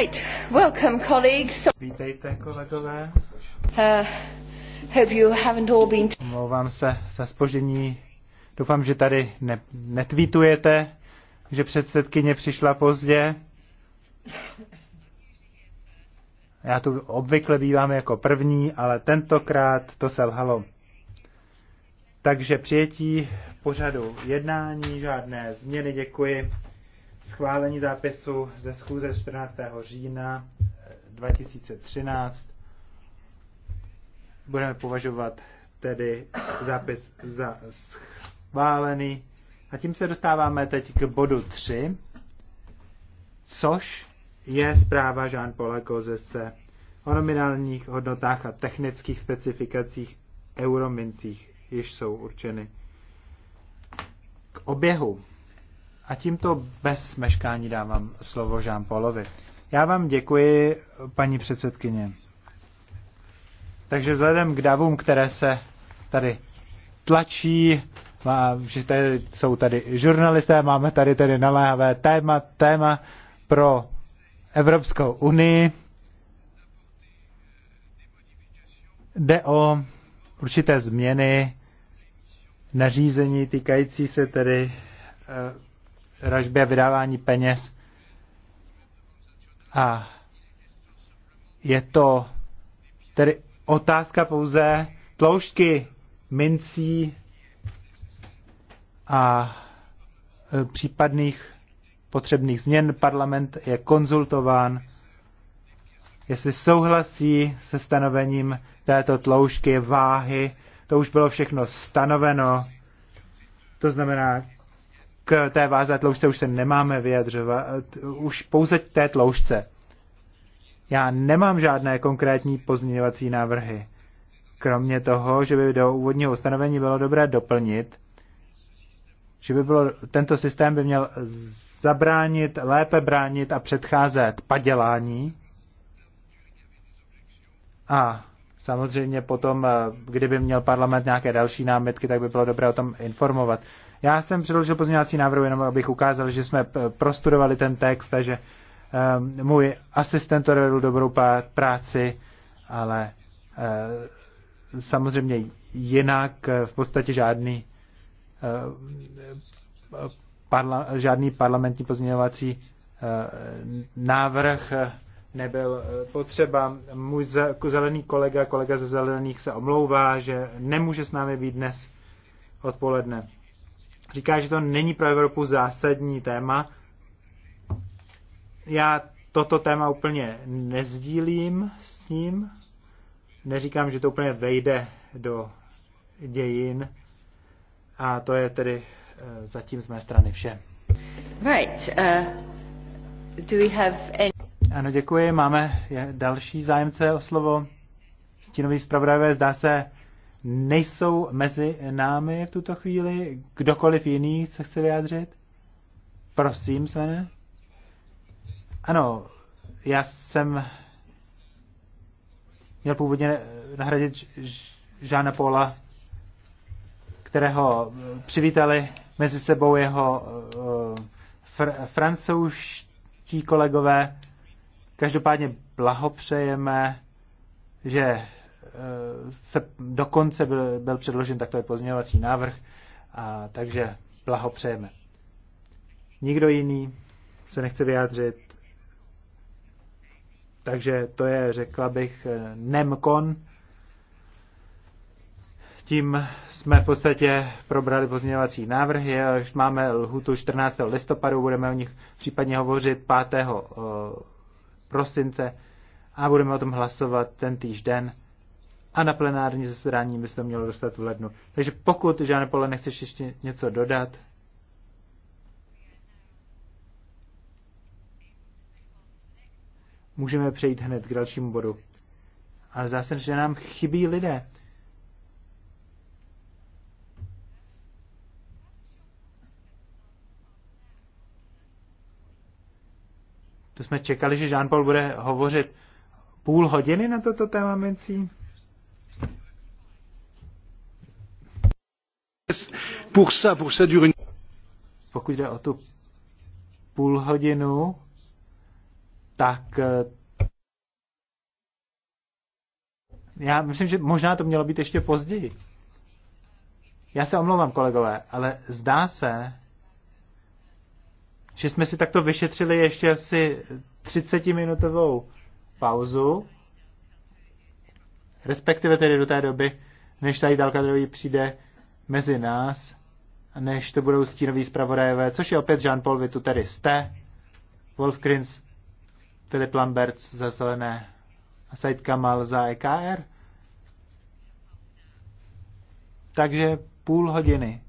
Right, welcome colleagues. Vítejte kolegové. Uh, hope you haven't all been... Omlouvám se za spoždění. Doufám, že tady ne- netvítujete, že předsedkyně přišla pozdě. Já tu obvykle bývám jako první, ale tentokrát to selhalo. Takže přijetí pořadu jednání, žádné změny, děkuji schválení zápisu ze schůze 14. října 2013. Eh, Budeme považovat tedy zápis za schválený. A tím se dostáváme teď k bodu 3, což je zpráva Jean-Paula Gozese o nominálních hodnotách a technických specifikacích euromincích, již jsou určeny k oběhu. A tímto bez meškání dávám slovo Jean Paulovi. Já vám děkuji, paní předsedkyně. Takže vzhledem k davům, které se tady tlačí, má, že tady, jsou tady žurnalisté, máme tady tedy naléhavé téma, téma pro Evropskou unii. Jde o určité změny nařízení týkající se tedy eh, dražbě vydávání peněz. A je to tedy otázka pouze tloušťky mincí a e, případných potřebných změn. Parlament je konzultován, jestli souhlasí se stanovením této tloušky, váhy. To už bylo všechno stanoveno. To znamená, k té váze tloušce už se nemáme vyjadřovat, už pouze k té tloušce. Já nemám žádné konkrétní pozměňovací návrhy. Kromě toho, že by do úvodního ustanovení bylo dobré doplnit, že by bylo, tento systém by měl zabránit, lépe bránit a předcházet padělání. A samozřejmě potom, eh, kdyby měl parlament nějaké další námitky, tak by bylo dobré o tom informovat. Já jsem předložil pozměňovací návrh jenom, abych ukázal, že jsme eh, prostudovali ten text a že um, můj asistent odvedl dobrou práci, ale uh, samozřejmě jinak v podstatě žádný uh, parla, žádný parlamentní pozměňovací uh, návrh nebyl potřeba. Můj zelený kolega, kolega ze zelených se omlouvá, že nemůže s námi být dnes odpoledne říká, že to není pro Evropu zásadní téma. Já toto téma úplně nezdílím s ním. Neříkám, že to úplně vejde do dějin. A to je tedy eh, zatím z mé strany vše. Right. Uh, do we have any... Ano, děkuji. Máme další zájemce o slovo. Stínový zpravodajové, zdá se, nejsou mezi námi v tuto chvíli. Kdokoliv jiný se chce vyjádřit? Prosím, Svene. Ano, já jsem měl původně nahradit Žána Pola, kterého přivítali mezi sebou jeho eh, fr- francouzští kolegové. Každopádně blahopřejeme, že Eh, se dokonce byl, byl předložen takto pozměňovací návrh, a, takže blahopřejeme. Nikdo jiný se nechce vyjádřit, takže to je, řekla bych, eh, nemkon. Tím jsme v podstatě probrali pozměňovací návrhy, až máme lhutu 14. listopadu, budeme o nich případně hovořit 5. Eh, prosince a budeme o tom hlasovat ten týžden den a na plenární zasedání byste to mělo dostat v lednu. Takže pokud, Žáne Pole, nechceš ještě něco dodat, můžeme přejít hned k dalšímu bodu. Ale zase, že nám chybí lidé. To jsme čekali, že Jean-Paul bude hovořit půl hodiny na toto téma mencí. Pour ça, pour ça dure une... Pokud jde o tu půl hodinu, tak eh, já myslím, že možná to mělo být ještě později. Já se omlouvám, kolegové, ale zdá se, že jsme si takto vyšetřili ještě asi 30-minutovou pauzu, respektive tedy do té doby, než tady dálka přijde mezi nás, než to budou stínoví zpravodajové, což je opět Jean-Paul, vy tu tedy jste, Wolf Krins, Filip Lambert za zelené a Said Kamal za EKR. Takže půl hodiny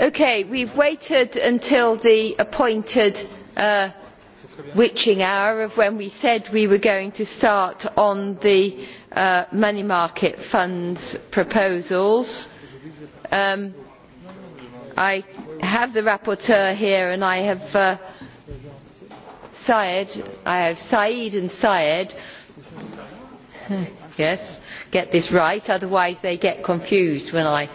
okay we have waited until the appointed uh, witching hour of when we said we were going to start on the uh, money market funds proposals. Um, i have the rapporteur here and i have uh, said and Syed. yes, get this right, otherwise they get confused when I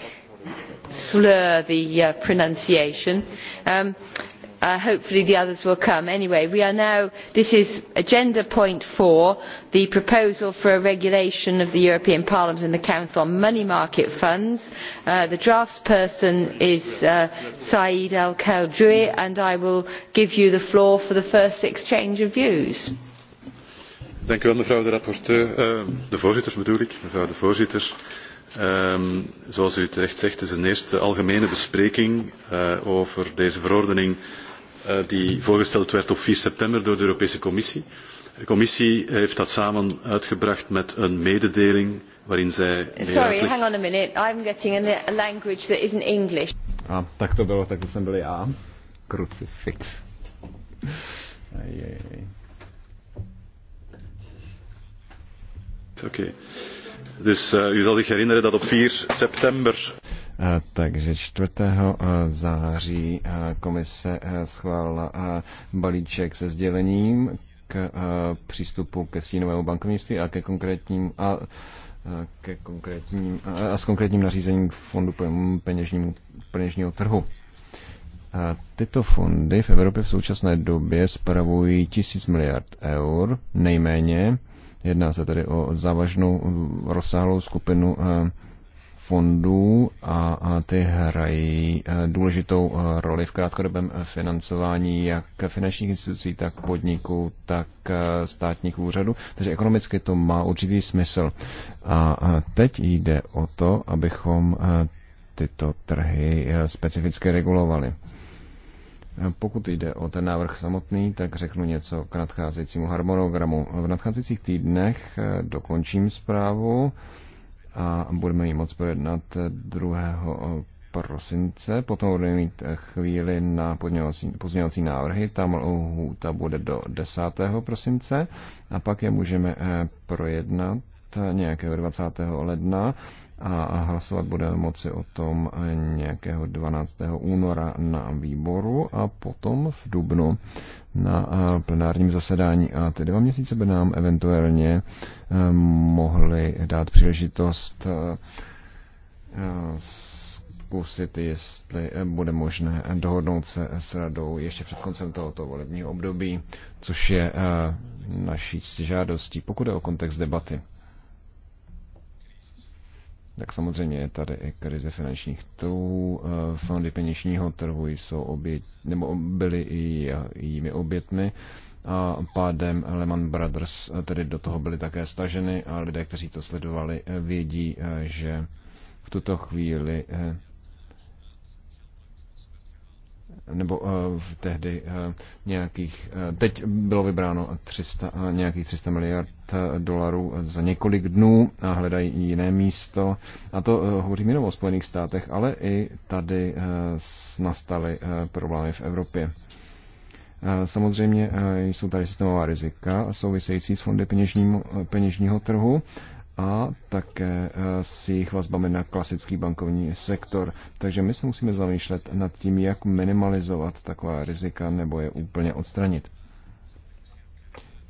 slur the uh, pronunciation. Um, uh, hopefully the others will come. Anyway, we are now, this is agenda point four, the proposal for a regulation of the European Parliament and the Council on money market funds. Uh, the draftsperson is sad Saeed El khadraoui and I will give you the floor for the first exchange of views. mevrouw de rapporteur, de voorzitter bedoel ik, mevrouw de voorzitter. Um, zoals u terecht zegt, is een eerste algemene bespreking uh, over deze verordening uh, die voorgesteld werd op 4 september door de Europese Commissie. De Commissie heeft dat samen uitgebracht met een mededeling waarin zij... Sorry, uitleg... hang on a minute. I'm getting a language that isn't English. ah, tak to bylo, tak to jsem byl já. Crucifix. Ajajaj. It's okay. Dus uh, u zal zich herinneren dat op 4 september. Uh, Takže 4. září uh, komise uh, schválila uh, balíček se sdělením k uh, přístupu ke stínovému bankovnictví a ke konkrétním a ke konkrétním, a s konkrétním nařízením fondu peněžnímu, peněžního trhu. A tyto fondy v Evropě v současné době spravují tisíc miliard eur nejméně Jedná se tedy o závažnou eh, rozsáhlou skupinu eh, fondů a ty hrají eh, důležitou roli v krátkodobém financování jak finančních institucí, tak podniků, tak státních úřadů. Takže ekonomicky to má určitý smysl. A teď jde o to, abychom tyto trhy specificky regulovali. Pokud jde o ten návrh samotný, tak řeknu něco k nadcházejícímu harmonogramu. V nadcházejících týdnech eh, dokončím zprávu a budeme ji moc projednat 2. Eh, eh, prosince. Potom budeme mít chvíli na pozměňovací návrhy. Tam lhůta bude do 10. prosince a pak je můžeme projednat nějakého 20. ledna a hlasovat budeme moci o tom nějakého 12. února na výboru a potom v Dubnu na plenárním zasedání. A ty dva měsíce by nám eventuálně eh, mohly dát příležitost eh, zkusit, jestli eh, bude možné dohodnout se s radou ještě před koncem tohoto volebního období, což je naší žádostí, pokud je o kontext debaty tak samozřejmě je tady i krize finančních trhů. Eh, fondy peněžního trhu jsou oběť, nebo byly i eh, jimi obětmi a pádem Lehman Brothers eh, tedy do toho byly také staženy a lidé, kteří to sledovali, vědí, že v tuto chvíli nebo v tehdy nějakých, teď bylo vybráno 300, nějakých 300 miliard dolarů za několik dnů a hledají jiné místo. A to eh, hovořím jenom o Spojených státech, ale i tady eh, nastaly eh, problémy v Evropě. Samozřejmě jsou tady systémová rizika související s fondy peněžního, peněžního trhu a také s jejich vazbami na klasický bankovní sektor. Takže my se musíme zamýšlet nad tím, jak minimalizovat taková rizika nebo je úplně odstranit.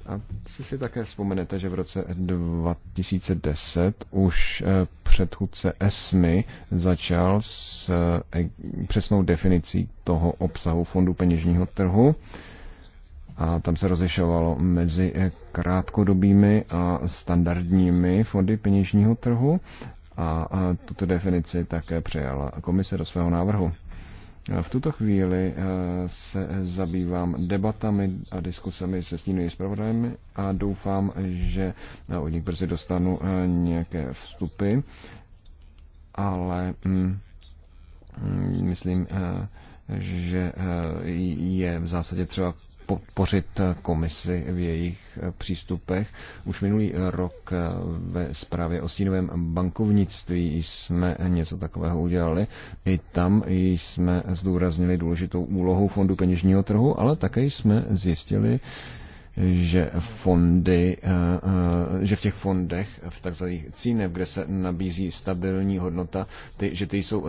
A si si také vzpomenete, že v roce 2010 už eh, předchůdce ESMI začal s eh, přesnou definicí toho obsahu fondu peněžního trhu a tam se rozlišovalo mezi eh, krátkodobými a standardními fondy peněžního trhu a tuto definici také přijala komise do svého návrhu. V tuto chvíli eh, se zabývám debatami a diskusemi se stínovými zpravodajmi a doufám, že eh, od nich brzy dostanu eh, nějaké vstupy, ale mm, mm, myslím, že je v zásadě třeba podpořit komisi v jejich přístupech. Už minulý rok ve zprávě o stínovém bankovnictví jsme něco takového udělali. I tam jsme zdůraznili důležitou úlohu Fondu peněžního trhu, ale také jsme zjistili, že fondy, eh, že v těch fondech, v takzvaných cínech, kde se nabízí stabilní hodnota, ty, že ty jsou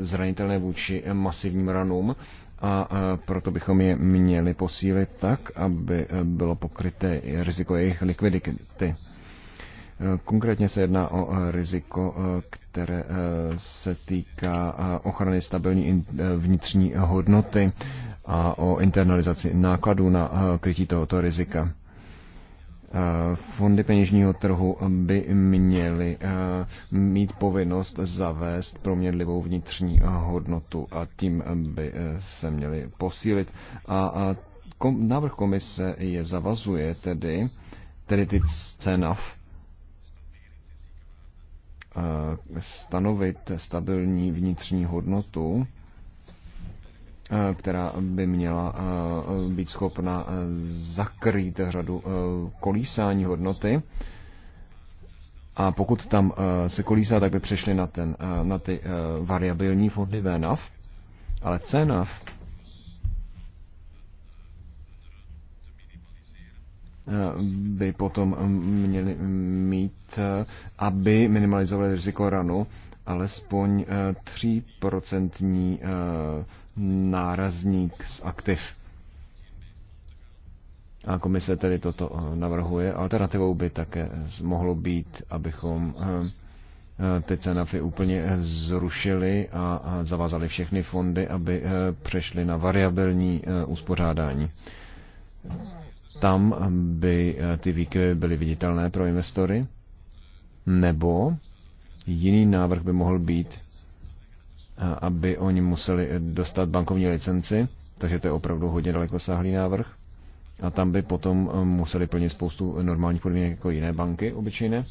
zranitelné vůči masivním ranům a e, proto bychom je měli posílit tak, aby e, bylo pokryté riziko jejich likvidity. E, konkrétně se jedná o riziko, které se týká ochrany stabilní vnitřní hodnoty a o internalizaci nákladů na krytí tohoto rizika. Eh, fondy peněžního trhu by měly eh, mít povinnost zavést proměnlivou vnitřní hodnotu a tím by eh, se měly posílit. A návrh komise je zavazuje tedy, tedy ty scénav, stanovit stabilní vnitřní hodnotu Eh, která by měla eh, být schopna eh, zakrýt řadu kolísání hodnoty. A pokud tam se kolísá, tak by přešli na, ten, na ty variabilní fondy VNAV. Ale CNAV by potom měli mít, aby minimalizovali riziko ranu, alespoň 3% nárazník z aktiv. A komise tedy toto eh, navrhuje. Alternativou by také mohlo být, abychom eh, eh, ty cenafy úplně zrušili a zavázali všechny fondy, aby přešly na variabilní uspořádání. Tam by ty výkyvy byly viditelné pro investory, nebo jiný návrh by mohl být, aby oni museli dostat bankovní licenci, takže to je opravdu hodně dalekosáhlý návrh. A tam by potom eh, museli plnit spoustu normálních podmínek jako jiné banky obyčejné.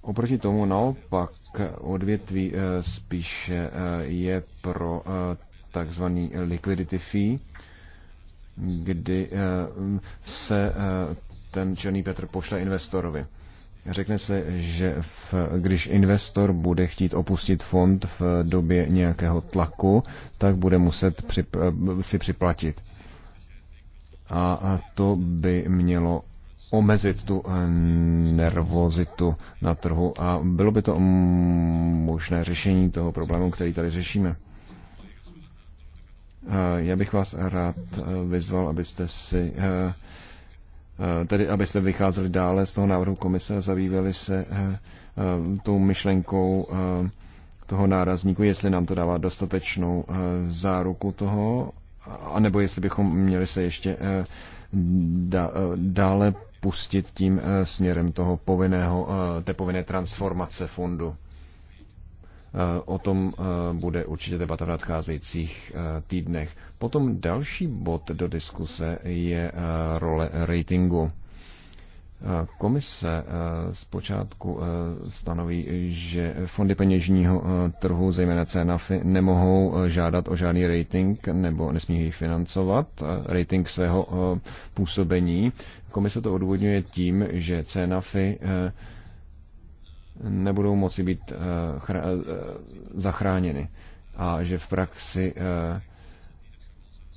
Oproti tomu naopak odvětví eh, spíše eh, je pro takzvaný liquidity fee, kdy se ten černý Petr pošle investorovi. Řekne se, že v, když investor bude chtít opustit fond v době nějakého tlaku, tak bude muset přip, si připlatit. A to by mělo omezit tu eh, nervozitu na trhu a bylo by to mm, možné řešení toho problému, který tady řešíme. Eh, já bych vás rád eh, vyzval, abyste si Eh, tedy abyste vycházeli dále z toho návrhu komise a zabývali se eh, eh, tou myšlenkou toho nárazníku, jestli nám to dává dostatečnou záruku toho, anebo jestli bychom měli se ještě dále pustit tím směrem toho povinného, té povinné transformace fondu. Eh, o tom eh, bude určitě debata v nadcházejících eh, týdnech. Potom další bod do diskuse je role ratingu. Komise zpočátku stanoví, že fondy peněžního trhu, zejména CNAFy, nemohou žádat o žádný rating nebo nesmí jej financovat, rating svého působení. Komise to odvodňuje tím, že CNAFy nebudou moci být eh, eh, zachráněny a že v praxi eh,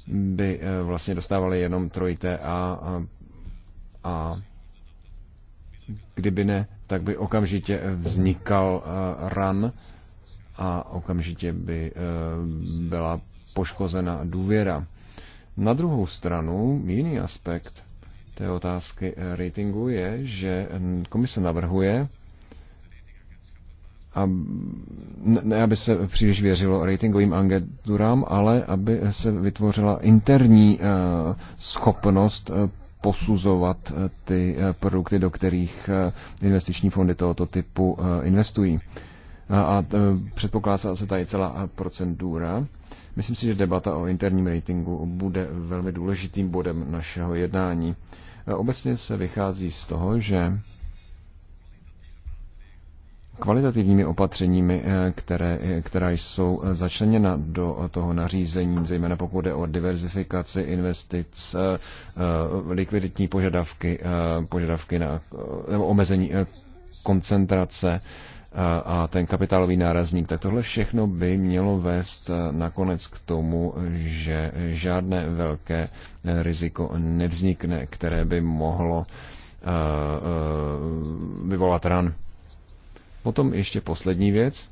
by vlastně dostávali jenom trojité a, a, a kdyby ne, tak by okamžitě vznikal ran a okamžitě by byla poškozena důvěra. Na druhou stranu, jiný aspekt té otázky ratingu je, že komise navrhuje, a ne, aby se příliš věřilo ratingovým agenturám, ale aby se vytvořila interní eh, schopnost eh, posuzovat eh, ty produkty, do kterých investiční fondy tohoto typu investují. A předpokládá se tady celá procedura. Myslím si, že debata o interním ratingu bude velmi důležitým bodem našeho jednání. Obecně se vychází z toho, že kvalitativními opatřeními, eh, které, eh, která jsou eh, začleněna do toho nařízení, zejména pokud jde o diverzifikaci investic, likviditní požadavky, požadavky na nebo omezení koncentrace a ten kapitálový nárazník, tak tohle všechno by mělo vést nakonec k tomu, že žádné velké riziko nevznikne, které by mohlo vyvolat ran Potom ještě poslední věc.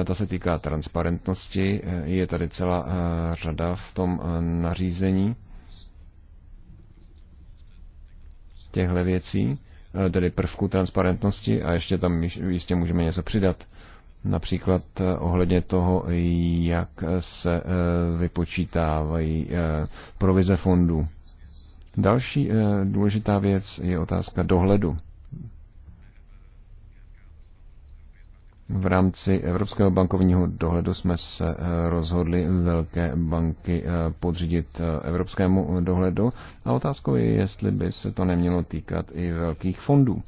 Eh, ta se týká transparentnosti. Eh, je tady celá eh, řada v tom nařízení těchto věcí, tedy prvků transparentnosti a ještě tam jistě můžeme něco přidat. Například ohledně toho, jak se vypočítávají provize fondů. Další důležitá věc je otázka dohledu. v rámci Evropského bankovního dohledu jsme se eh, rozhodli velké banky eh, podřídit eh, evropskému dohledu a otázkou je, jestli by se to nemělo týkat i velkých fondů.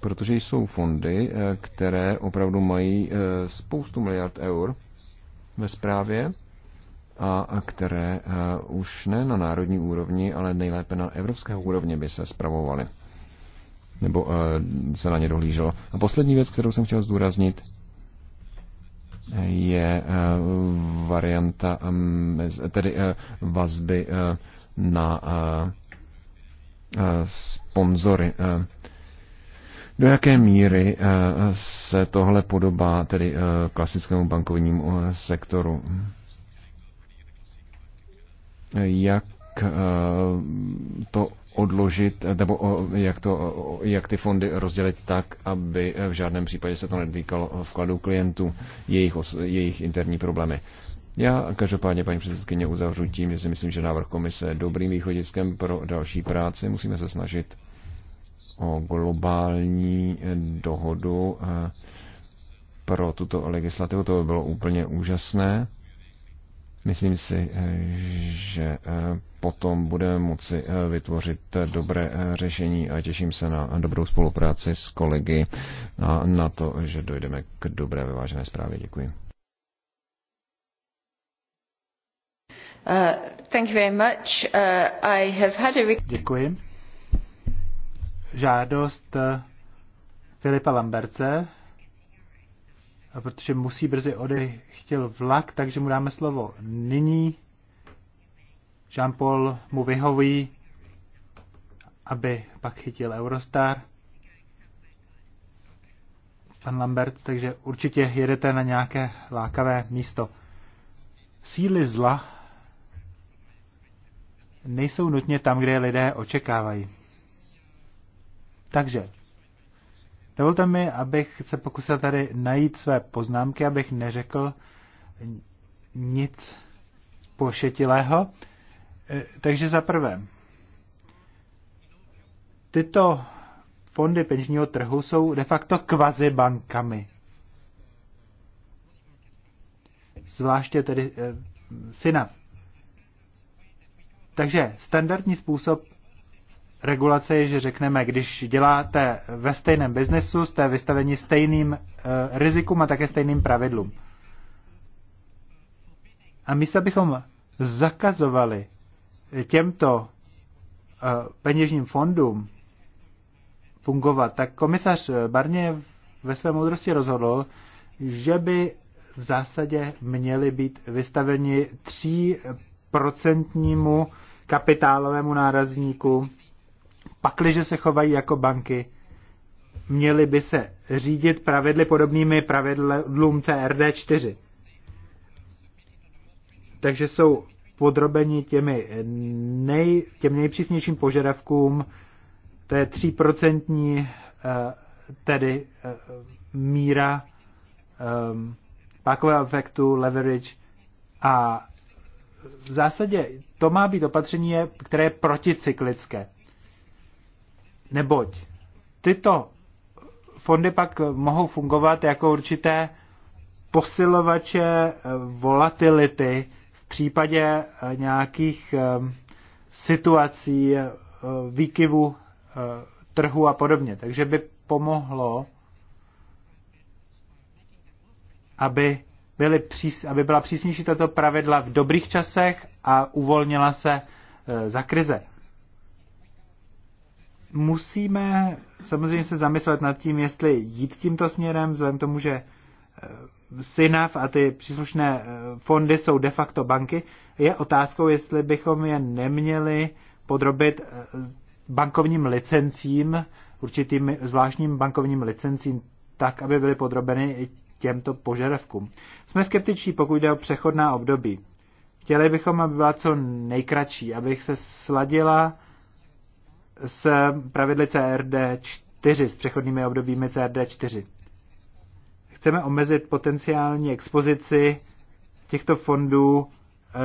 Protože jsou fondy, které opravdu mají spoustu miliard eur ve správě a které už ne na národní úrovni, ale nejlépe na evropské úrovni by se spravovaly nebo eh, se na ně dohlíželo. A poslední věc, kterou jsem chtěl zdůraznit, je eh, varianta, mm, tedy eh, vazby na sponzory. Do jaké míry se tohle podobá tedy klasickému bankovnímu sektoru? Jak jak eh, to odložit, nebo eh, jak, to, eh, jak ty fondy rozdělit tak, aby v žádném případě se to netýkalo vkladů klientů, jejich, jejich interní problémy. Já každopádně, paní předsedkyně, uzavřu tím, že si myslím, že návrh komise je dobrým východiskem pro další práci. Musíme se snažit o globální dohodu pro tuto legislativu. To by bylo úplně úžasné. Myslím si, eh, že eh, potom budeme moci eh, vytvořit dobré řešení a těším se na dobrou spolupráci s kolegy a na to, že dojdeme k dobré vyvážené zprávě. Děkuji. Uh, uh, Děkuji. Žádost Filipa Lamberce a protože musí brzy odejít, chtěl vlak, takže mu dáme slovo nyní. Jean-Paul mu vyhoví, aby pak chytil Eurostar. Pan Lambert, takže určitě jedete na nějaké lákavé místo. Síly zla nejsou nutně tam, kde lidé očekávají. Takže Dovolte mi, abych se pokusil tady najít své poznámky, abych neřekl nic pošetilého. E, takže za prvé, tyto fondy peněžního trhu jsou de facto kvazi bankami. Zvláště tedy e, syna. Takže standardní způsob, regulace je, že řekneme, když děláte ve stejném biznesu, jste vystaveni stejným uh, rizikům a také stejným pravidlům. A místo bychom zakazovali těmto uh, peněžním fondům fungovat, tak komisař Barně ve své moudrosti rozhodl, že by v zásadě měli být vystaveni procentnímu kapitálovému nárazníku pakliže se chovají jako banky, měly by se řídit pravidly podobnými pravidlům CRD4. Takže jsou podrobeni těmi nej, těm nejpřísnějším požadavkům to je 3% eh, tedy eh, míra eh, pákového efektu, leverage a v zásadě to má být opatření, které je proticyklické. Neboť tyto fondy pak mohou fungovat jako určité posilovače volatility v případě eh, nějakých eh, situací, eh, výkyvu trhu a podobně. Takže by pomohlo, aby, byly přís, aby byla přísnější tato pravidla v dobrých časech a uvolnila se za krize musíme samozřejmě se zamyslet nad tím, jestli jít tímto směrem, vzhledem k tomu, že eh, SINAF a ty příslušné eh, fondy jsou de facto banky, je otázkou, jestli bychom je neměli podrobit eh, bankovním licencím, určitým zvláštním bankovním licencím, tak, aby byly podrobeny i těmto požadavkům. Jsme skeptičtí, pokud jde o přechodná období. Chtěli bychom, aby byla co nejkratší, abych se sladila s pravidly CRD 4, s přechodnými obdobími CRD 4. Chceme omezit potenciální expozici těchto fondů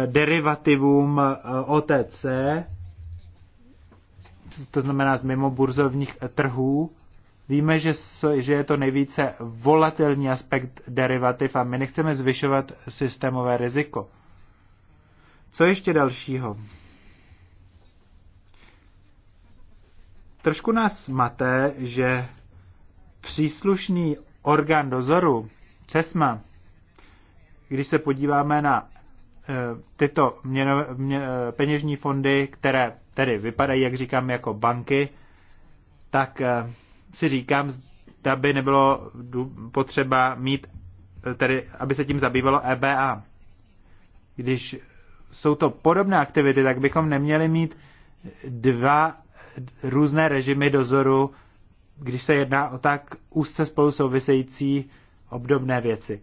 eh, derivativům eh, OTC, to znamená z mimo burzovních trhů. Víme, že, že je to nejvíce volatilní aspekt derivativ a my nechceme zvyšovat systémové riziko. Co ještě dalšího? Trošku nás maté, že příslušný orgán dozoru, CESMA, když se podíváme na eh, tyto měnové, mě, eh, peněžní fondy, které tedy vypadají, jak říkám, jako banky, tak eh, si říkám, zda by nebylo potřeba mít, tedy aby se tím zabývalo EBA. Když jsou to podobné aktivity, tak bychom neměli mít dva různé režimy dozoru, když se jedná o tak úzce spolu související obdobné věci.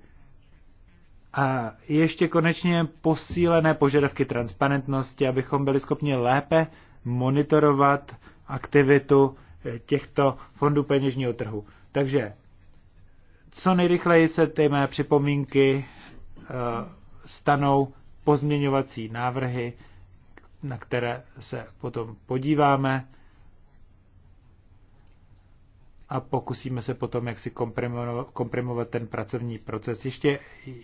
A ještě konečně posílené požadavky transparentnosti, abychom byli schopni lépe monitorovat aktivitu eh, těchto fondů peněžního trhu. Takže co nejrychleji se ty mé připomínky eh, stanou pozměňovací návrhy, na které se potom podíváme a pokusíme se potom jak si komprimovat ten pracovní proces. Ještě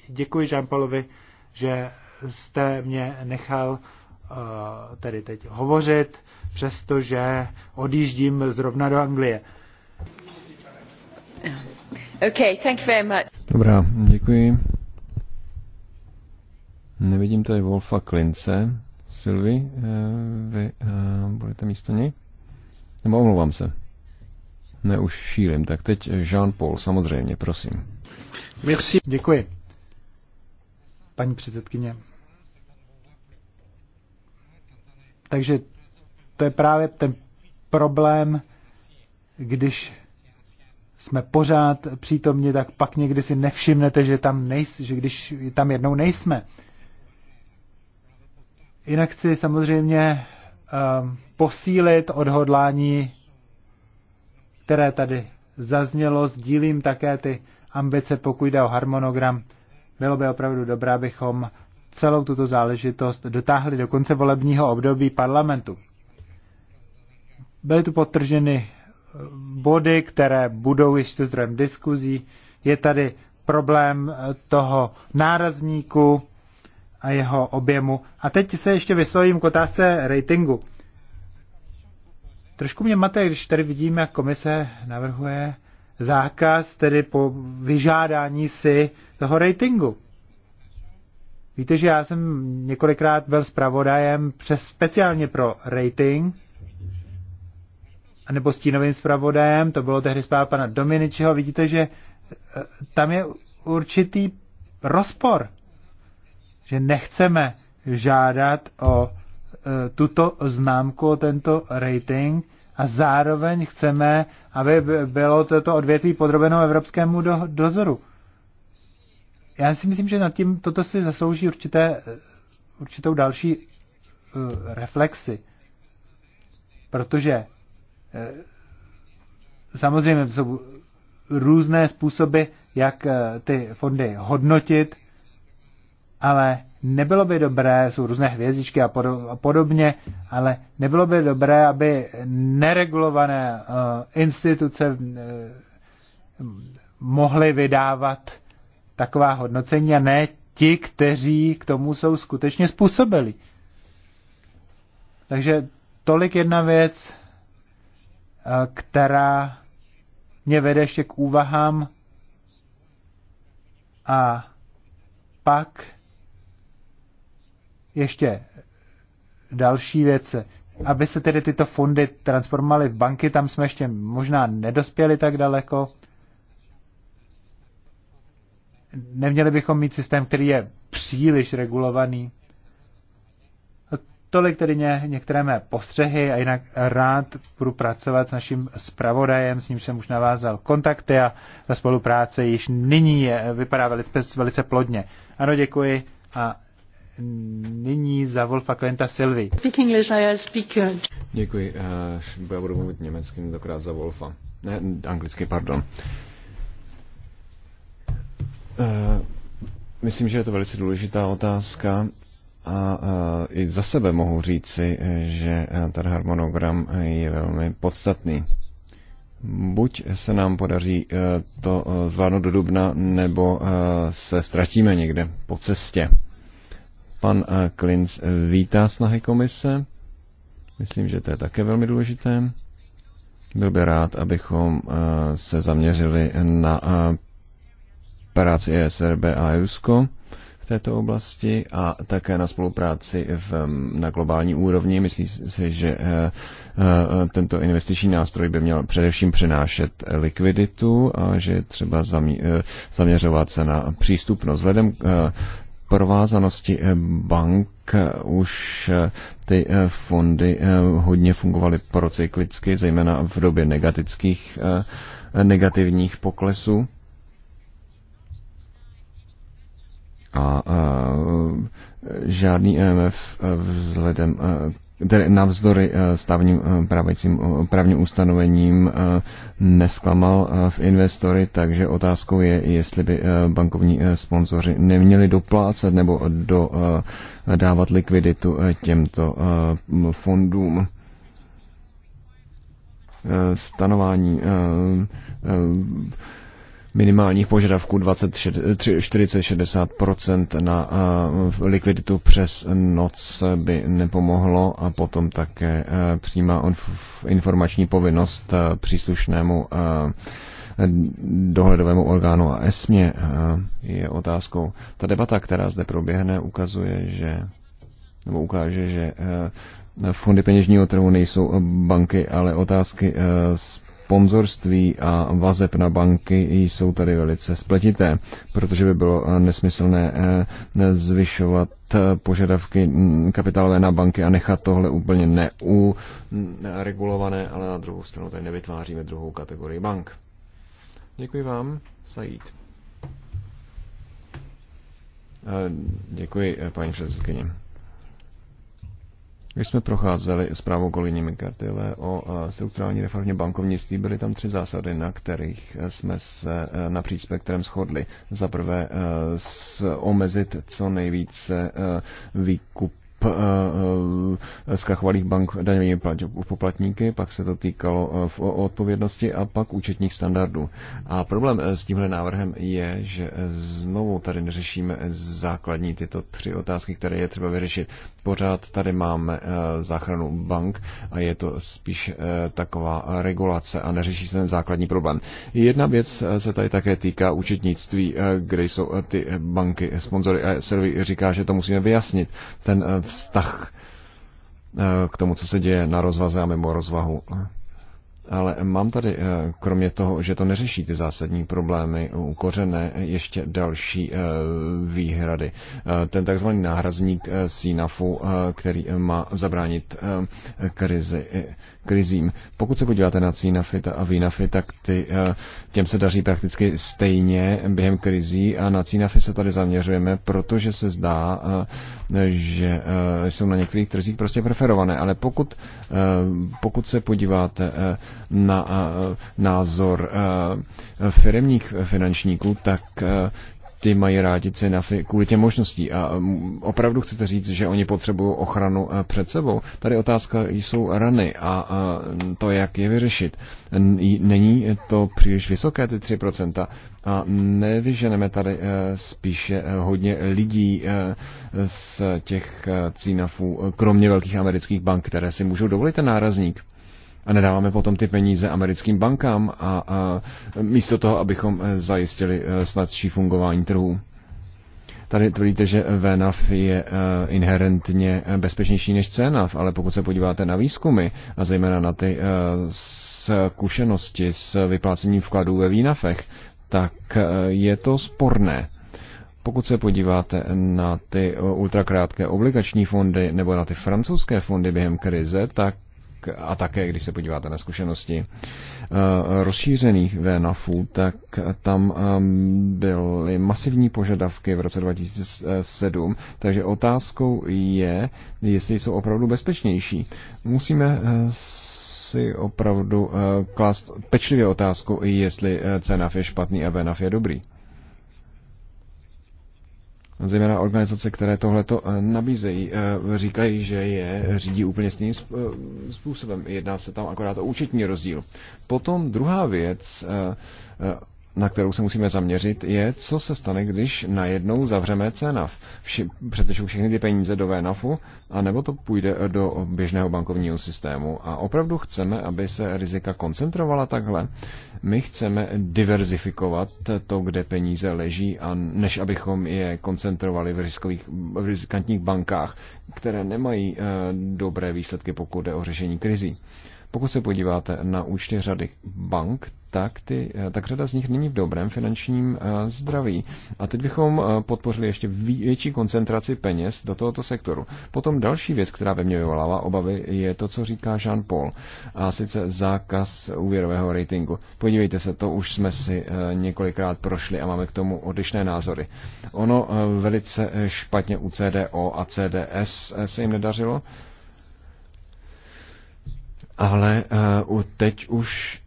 děkuji Jean-Paulovi, že jste mě nechal eh, tedy teď hovořit, přestože odjíždím zrovna do Anglie. Okay, thank you very much. Dobrá, děkuji. Nevidím tady Wolfa Klince. Sylvie, eh, vy eh, budete místo něj? Nebo omlouvám se ne, už šílim. Tak teď Jean-Paul, samozřejmě, prosím. Merci. Děkuji. Paní předsedkyně. Takže to je právě ten problém, když jsme pořád přítomni, tak pak někdy si nevšimnete, že tam nejs, že když tam jednou nejsme. Jinak chci samozřejmě um, posílit odhodlání které tady zaznělo, sdílím také ty ambice, pokud jde o harmonogram. Bylo by opravdu dobré, abychom celou tuto záležitost dotáhli do konce volebního období parlamentu. Byly tu potrženy body, které budou ještě zdrojem diskuzí. Je tady problém eh, toho nárazníku a jeho objemu. A teď se ještě vyslovím k otázce ratingu. Trošku mě mate, když tady vidím, jak komise navrhuje zákaz, tedy po vyžádání si toho ratingu. Víte, že já jsem několikrát byl zpravodajem přes speciálně pro rating, nebo stínovým zpravodajem, to bylo tehdy zpráva pana Dominičeho. Vidíte, že e, tam je určitý rozpor, že nechceme žádat o Eh, tuto známku, tento rating a zároveň chceme, aby bylo toto odvětví podrobeno evropskému do, dozoru. Já si myslím, že nad tím toto si zaslouží určité, eh, určitou další uh, reflexi, protože uh, samozřejmě jsou různé způsoby, jak uh, ty fondy hodnotit, ale nebylo by dobré, jsou různé hvězdičky a, pod, a podobně, ale nebylo by dobré, aby neregulované uh, instituce uh, mohly vydávat taková hodnocení a ne ti, kteří k tomu jsou skutečně způsobili. Takže tolik jedna věc, eh, která mě vede ještě k úvahám a pak ještě další věc. Aby se tedy tyto fondy transformovaly v banky, tam jsme ještě možná nedospěli tak daleko. Neměli bychom mít systém, který je příliš regulovaný. Tolik tedy ně, některé mé postřehy a jinak rád budu pracovat s naším zpravodajem, s ním jsem už navázal kontakty a ta spolupráce již nyní je, vypadá velice, velice plodně. Ano, děkuji a nyní za Wolfa Klenta speak. Uh, Děkuji, eh, já budu mluvit německy, dokrát za Wolfa. Ne, anglicky, pardon. Eh, myslím, že je to velice důležitá otázka a eh, i za sebe mohu říci, že ten harmonogram je velmi podstatný. Buď se nám podaří to zvládnout do dubna, nebo se ztratíme někde po cestě. Pan eh, Klinc eh, vítá snahy komise. Myslím, že to je také velmi důležité. Byl by rád, abychom eh, se zaměřili na práci ESRB a EUSCO v této oblasti a také na spolupráci v, na globální úrovni. Myslím si, že tento investiční nástroj by měl především přenášet likviditu a že třeba zaměřovat se na přístupnost. Vzhledem provázanosti eh, bank eh, už eh, ty fondy hodně fungovaly procyklicky, zejména v době negatických, negativních poklesů. A žádný EMF vzhledem tedy navzdory eh, stavním eh, pravicím, eh, pravním ustanovením nesklamal v investory, takže otázkou je, jestli by bankovní sponzoři neměli doplácet nebo do, dávat likviditu těmto fondům stanování minimálních požadavků 40-60% na likviditu přes noc by nepomohlo a potom také on informační povinnost příslušnému dohledovému orgánu a ESMě je otázkou. Ta debata, která zde proběhne, ukazuje, že nebo ukáže, že fondy peněžního trhu nejsou banky, ale otázky sponzorství a vazeb na banky jsou tady velice spletité, protože by bylo eh, nesmyslné eh, zvyšovat eh, požadavky mm, kapitálové na banky a nechat tohle úplně neuregulované, ale na druhou stranu tady nevytváříme druhou kategorii bank. Děkuji vám, Said. Děkuji, paní předsedkyně. Když jsme procházeli zprávou kolegyně McCarthyové o eh, strukturální reformě bankovnictví, byly tam tři zásady, na kterých eh, jsme se eh, napříč spektrem shodli. Za prvé omezit co nejvíce výkup Eh, eh, zkrachovalých bank daňovými poplatníky, pak se to týkalo eh, v odpovědnosti a pak účetních standardů. A problém s tímhle návrhem je, že znovu tady neřešíme základní tyto tři otázky, které je třeba vyřešit. Pořád tady máme záchranu bank a je to spíš taková regulace a neřeší se ten základní problém. Jedna věc se tady také týká účetnictví, kde jsou ty banky, sponzory a servy říká, že to musíme vyjasnit. Ten vztah eh, k tomu, co se děje na rozvaze a mimo rozvahu. Ale mám tady, eh, kromě toho, že to neřeší ty zásadní problémy ukořené, ještě další eh, výhrady. Ten takzvaný náhrazník SINAFu, který má zabránit krizi krizím. Pokud se podíváte na Cínafit a Vínafit, tak ty, eh, těm se daří prakticky stejně během krizí a na Cínafit se tady zaměřujeme, protože se zdá, eh, že eh, jsou na některých trzích prostě preferované. Ale pokud, pokud se podíváte na názor firemních finančníků, tak ty mají rádi cenafy kvůli těm možností. A opravdu chcete říct, že oni potřebují ochranu e, před sebou? Tady otázka jsou rany a to, jak je vyřešit. Není to příliš vysoké, ty 3%. A nevyženeme tady e, spíše e, hodně lidí z těch cínafů, kromě velkých amerických bank, které si můžou dovolit ten nárazník a nedáváme potom ty peníze americkým bankám a, a místo toho, abychom eh, zajistili eh, snadší fungování trhů. Tady tvrdíte, že VNAF je eh, inherentně bezpečnější než CNAF, ale pokud se podíváte na výzkumy a zejména na ty zkušenosti s vyplácením vkladů ve VNAFech, tak je to sporné. Pokud se podíváte na ty ultrakrátké obligační fondy nebo na ty francouzské fondy během krize, tak a také, když se podíváte na zkušenosti eh, rozšířených VNAFů, tak tam eh, byly masivní požadavky v roce 2007, takže otázkou je, jestli jsou opravdu bezpečnější. Musíme eh, si opravdu klást pečlivě otázku, jestli CNAF je špatný a VNAF je dobrý zejména organizace, které tohleto eh, nabízejí, eh, říkají, že je řídí úplně stejným eh, způsobem. Jedná se tam akorát o účetní rozdíl. Potom druhá věc, na kterou se musíme zaměřit, je, co se stane, když najednou zavřeme CNAF. Vši, přetečou všechny ty peníze do VNAFu, anebo to půjde do běžného bankovního systému. A opravdu chceme, aby se rizika koncentrovala takhle. My chceme diverzifikovat to, kde peníze leží, a než abychom je koncentrovali v, riskových, v riskantních bankách, které nemají eh, dobré výsledky, pokud jde o řešení krizí. Pokud se podíváte na účty řady bank, tak, ty, eh, tak řada z nich není v dobrém finančním eh, zdraví. A teď bychom eh, podpořili ještě větší koncentraci peněz do tohoto sektoru. Potom další věc, která ve mně vyvolává obavy, je to, co říká Jean-Paul, a sice zákaz úvěrového ratingu. Podívejte se, to už jsme si několikrát prošli a máme k tomu odlišné názory. Ono velice špatně u CDO a CDS se jim nedařilo, ale teď už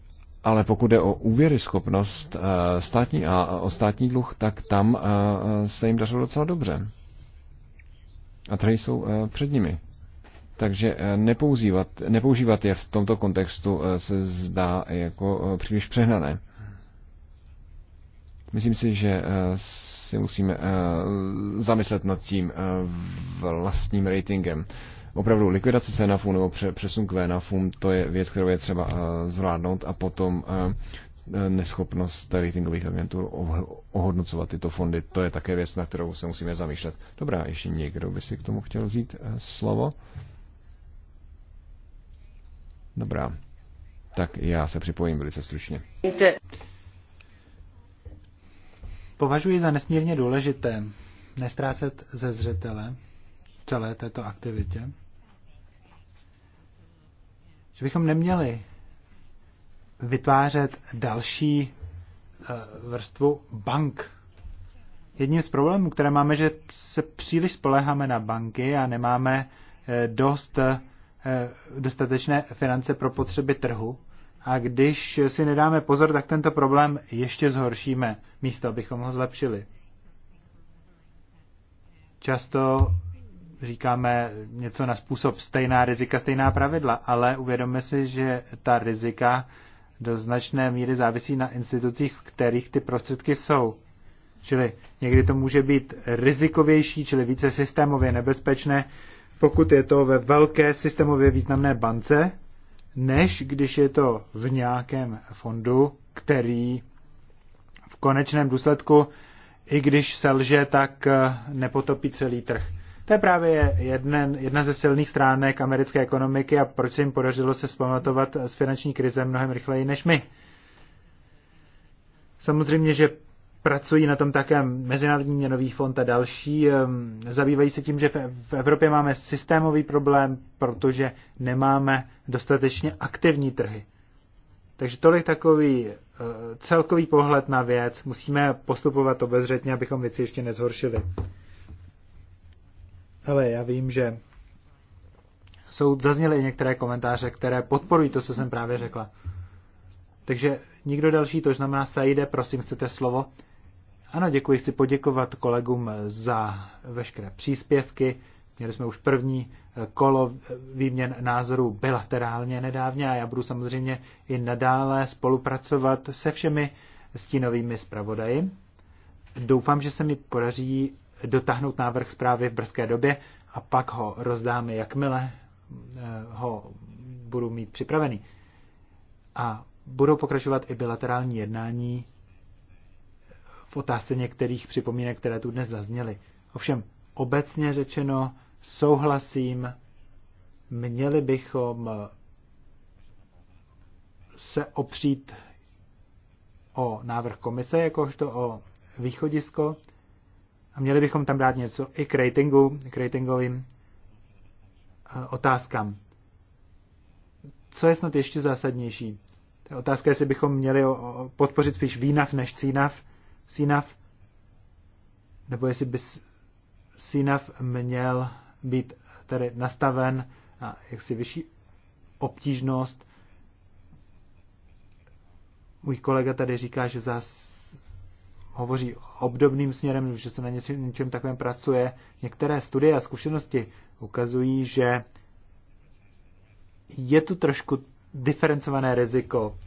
ale pokud jde o úvěryschopnost eh, státní a o státní dluh, tak tam eh, se jim dařilo docela dobře. A trhy jsou eh, před nimi. Takže nepoužívat, nepoužívat je v tomto kontextu se zdá jako příliš přehnané. Myslím si, že si musíme zamyslet nad tím vlastním ratingem opravdu likvidace CNAFu nebo přesun k VNAFům, to je věc, kterou je třeba eh, zvládnout a potom eh, neschopnost ratingových agentů ohodnocovat tyto fondy. To je také věc, na kterou se musíme zamýšlet. Dobrá, ještě někdo by si k tomu chtěl vzít eh, slovo? Dobrá. Tak já se připojím velice stručně. Považuji za nesmírně důležité nestrácet ze zřetele, celé této aktivitě. Že bychom neměli vytvářet další eh, vrstvu bank. Jedním z problémů, které máme, že se příliš spoleháme na banky a nemáme eh, dost eh, dostatečné finance pro potřeby trhu. A když si nedáme pozor, tak tento problém ještě zhoršíme, místo abychom ho zlepšili. Často říkáme něco na způsob stejná rizika, stejná pravidla, ale uvědomme si, že ta rizika do značné míry závisí na institucích, v kterých ty prostředky jsou. Čili někdy to může být rizikovější, čili více systémově nebezpečné, pokud je to ve velké systémově významné bance, než když je to v nějakém fondu, který v konečném důsledku, i když selže, tak eh, nepotopí celý trh. To je právě jeden, jedna ze silných stránek americké ekonomiky a proč se jim podařilo se vzpamatovat z finanční krize mnohem rychleji než my. Samozřejmě, že pracují na tom také Mezinárodní měnový fond a další. Ehm, zabývají se tím, že v Evropě máme systémový problém, protože nemáme dostatečně aktivní trhy. Takže tolik takový eh, celkový pohled na věc. Musíme postupovat obezřetně, abychom věci ještě nezhoršili. Hele, já vím, že jsou, zazněly některé komentáře, které podporují to, co jsem právě řekla. Takže nikdo další, to znamená Saide, prosím, chcete slovo? Ano, děkuji, chci poděkovat kolegům za veškeré příspěvky. Měli jsme už první eh, kolo výměn názorů bilaterálně nedávně a já budu samozřejmě i nadále spolupracovat se všemi stínovými zpravodaji. Doufám, že se mi podaří dotáhnout návrh zprávy v brzké době a pak ho rozdáme, jakmile eh, ho budu mít připravený. A budou pokračovat i bilaterální jednání v otázce některých připomínek, které tu dnes zazněly. Ovšem, obecně řečeno, souhlasím, měli bychom eh, se opřít o návrh komise, jakožto o východisko a měli bychom tam dát něco i k ratingu, k ratingovým eh, otázkám. Co je snad ještě zásadnější? Ta otázka, jestli bychom měli podpořit spíš výnav než cínav, sínav, nebo jestli by sínav měl být tedy nastaven a jaksi vyšší obtížnost. Můj kolega tady říká, že zás hovoří obdobným směrem, že se na něčem, něčem takovém pracuje. Některé studie a zkušenosti ukazují, že je tu trošku diferencované riziko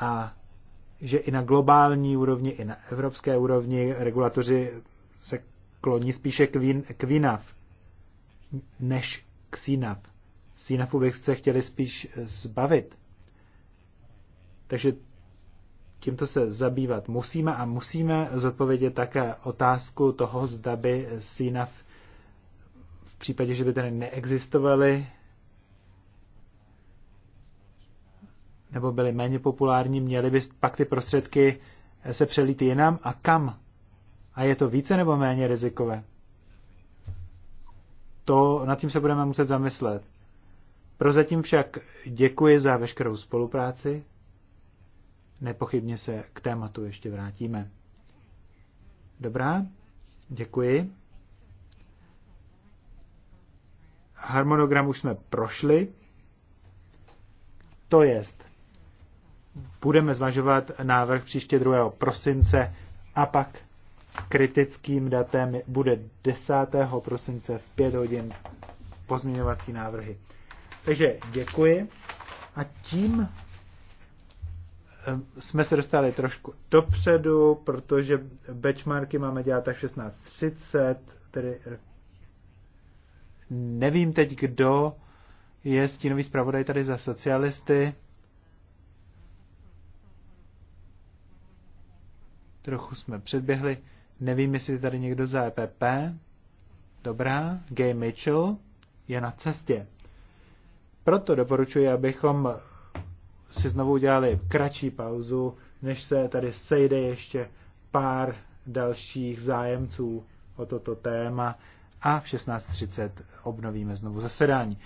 a že i na globální úrovni, i na evropské úrovni regulatoři se kloní spíše k, vín, k vínav než k sínav. Sínavu bych se chtěli spíš zbavit. Takže tímto se zabývat musíme a musíme zodpovědět také otázku toho, zda by SINAF v případě, že by tady neexistovaly nebo byly méně populární, měly by pak ty prostředky se přelít jinam a kam? A je to více nebo méně rizikové? To nad tím se budeme muset zamyslet. Prozatím však děkuji za veškerou spolupráci. Nepochybně se k tématu ještě vrátíme. Dobrá, děkuji. Harmonogram už jsme prošli. To jest, budeme zvažovat návrh příště 2. prosince a pak kritickým datem bude 10. prosince v 5 hodin pozměňovací návrhy. Takže děkuji a tím Eh, jsme se dostali trošku dopředu, protože benchmarky máme dělat až 16.30, tedy eh, nevím teď, kdo je stínový zpravodaj tady za socialisty. Trochu jsme předběhli. Nevím, jestli je tady někdo za EPP. Dobrá, Gay Mitchell je na cestě. Proto doporučuji, abychom si znovu udělali kratší pauzu, než se tady sejde ještě pár dalších zájemců o toto téma a v 16.30 obnovíme znovu zasedání.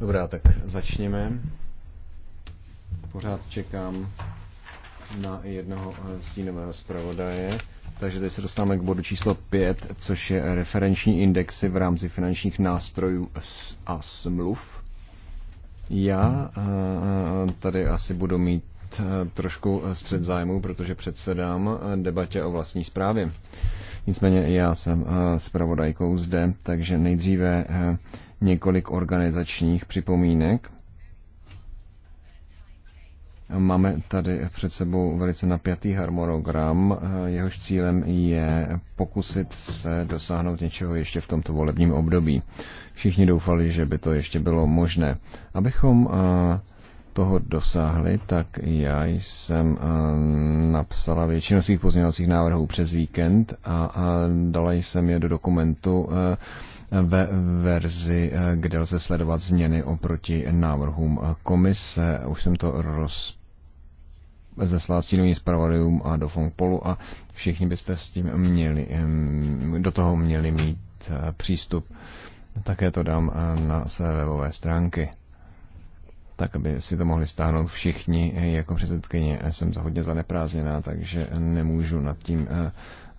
Dobrá, tak začněme. Pořád čekám na jednoho eh, stínového zpravodaje. Takže teď se dostáváme k bodu číslo 5, což je referenční indexy v rámci finančních nástrojů a smluv. Já eh, eh, tady asi budu mít Eh, trošku eh, střed zájmu, protože předsedám eh, debatě o vlastní zprávě. Nicméně já jsem zpravodajkou zde, takže nejdříve několik organizačních připomínek. Máme tady před sebou velice napjatý harmonogram, jehož cílem je pokusit se dosáhnout něčeho ještě v tomto volebním období. Všichni doufali, že by to ještě bylo možné. Abychom toho dosáhli, tak já jsem eh, napsala většinu svých pozměňovacích návrhů přes víkend a dala jsem je do dokumentu eh, ve verzi, eh, kde lze sledovat změny oproti návrhům komise. Už jsem to roz zeslal stínovým zpravodajům a do Fongpolu a všichni byste s tím měli, do toho měli mít přístup. Také to dám na své webové stránky tak aby si to mohli stáhnout všichni. Eh, jako předsedkyně jsem hodně zaneprázdněná, takže nemůžu nad tím eh,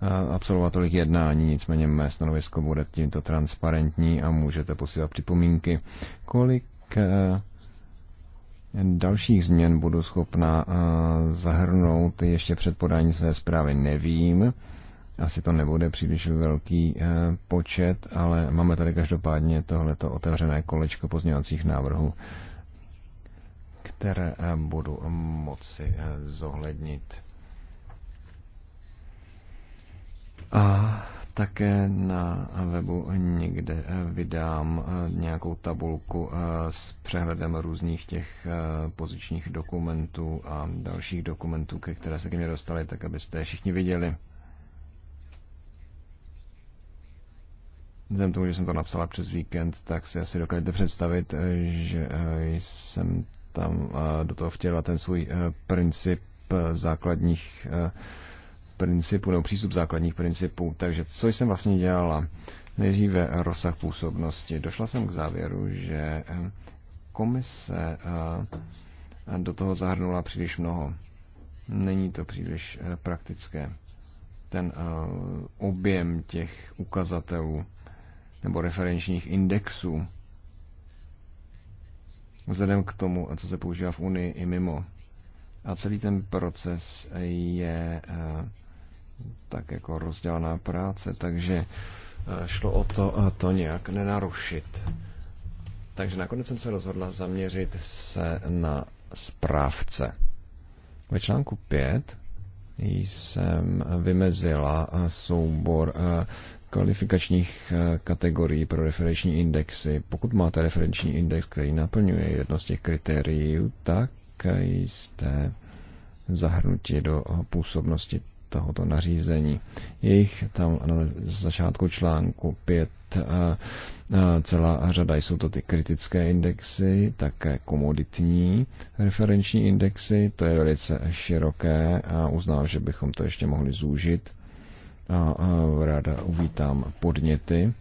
eh, absolvovat tolik jednání, nicméně mé stanovisko bude tímto transparentní a můžete posílat připomínky, kolik dalších změn budu schopna zahrnout ještě před podání své zprávy, nevím. Asi to nebude příliš velký počet, ale máme tady každopádně tohleto otevřené kolečko pozměňovacích návrhů které eh, budu eh, moci eh, zohlednit. A také na webu někde vydám nějakou tabulku s přehledem různých těch pozičních dokumentů a dalších dokumentů, ke které se ke mně dostaly, tak abyste je všichni viděli. Vzhledem tomu, že jsem to napsala přes víkend, tak si asi dokážete představit, že jsem tam eh, do toho vtělila ten svůj eh, princip eh, základních principů nebo přístup základních principů. Takže co jsem vlastně dělala? Nejdříve rozsah působnosti. Došla jsem k závěru, že komise do toho zahrnula příliš mnoho. Není to příliš praktické. Ten objem těch ukazatelů nebo referenčních indexů vzhledem k tomu, co se používá v Unii i mimo. A celý ten proces je eh, tak jako rozdělaná práce, takže eh, šlo o to, eh, to nějak nenarušit. Takže nakonec jsem se rozhodla zaměřit se na správce. Ve článku 5 jsem vymezila soubor kvalifikačních eh, kategorií pro referenční indexy. Pokud máte referenční index, který naplňuje jedno z těch kritérií, tak jste zahrnuti do eh, působnosti tohoto nařízení. Jejich tam na začátku článku 5 eh, celá řada jsou to ty kritické indexy, také komoditní referenční indexy, to je velice široké a uznám, že bychom to ještě mohli zúžit a ráda uvítám podněty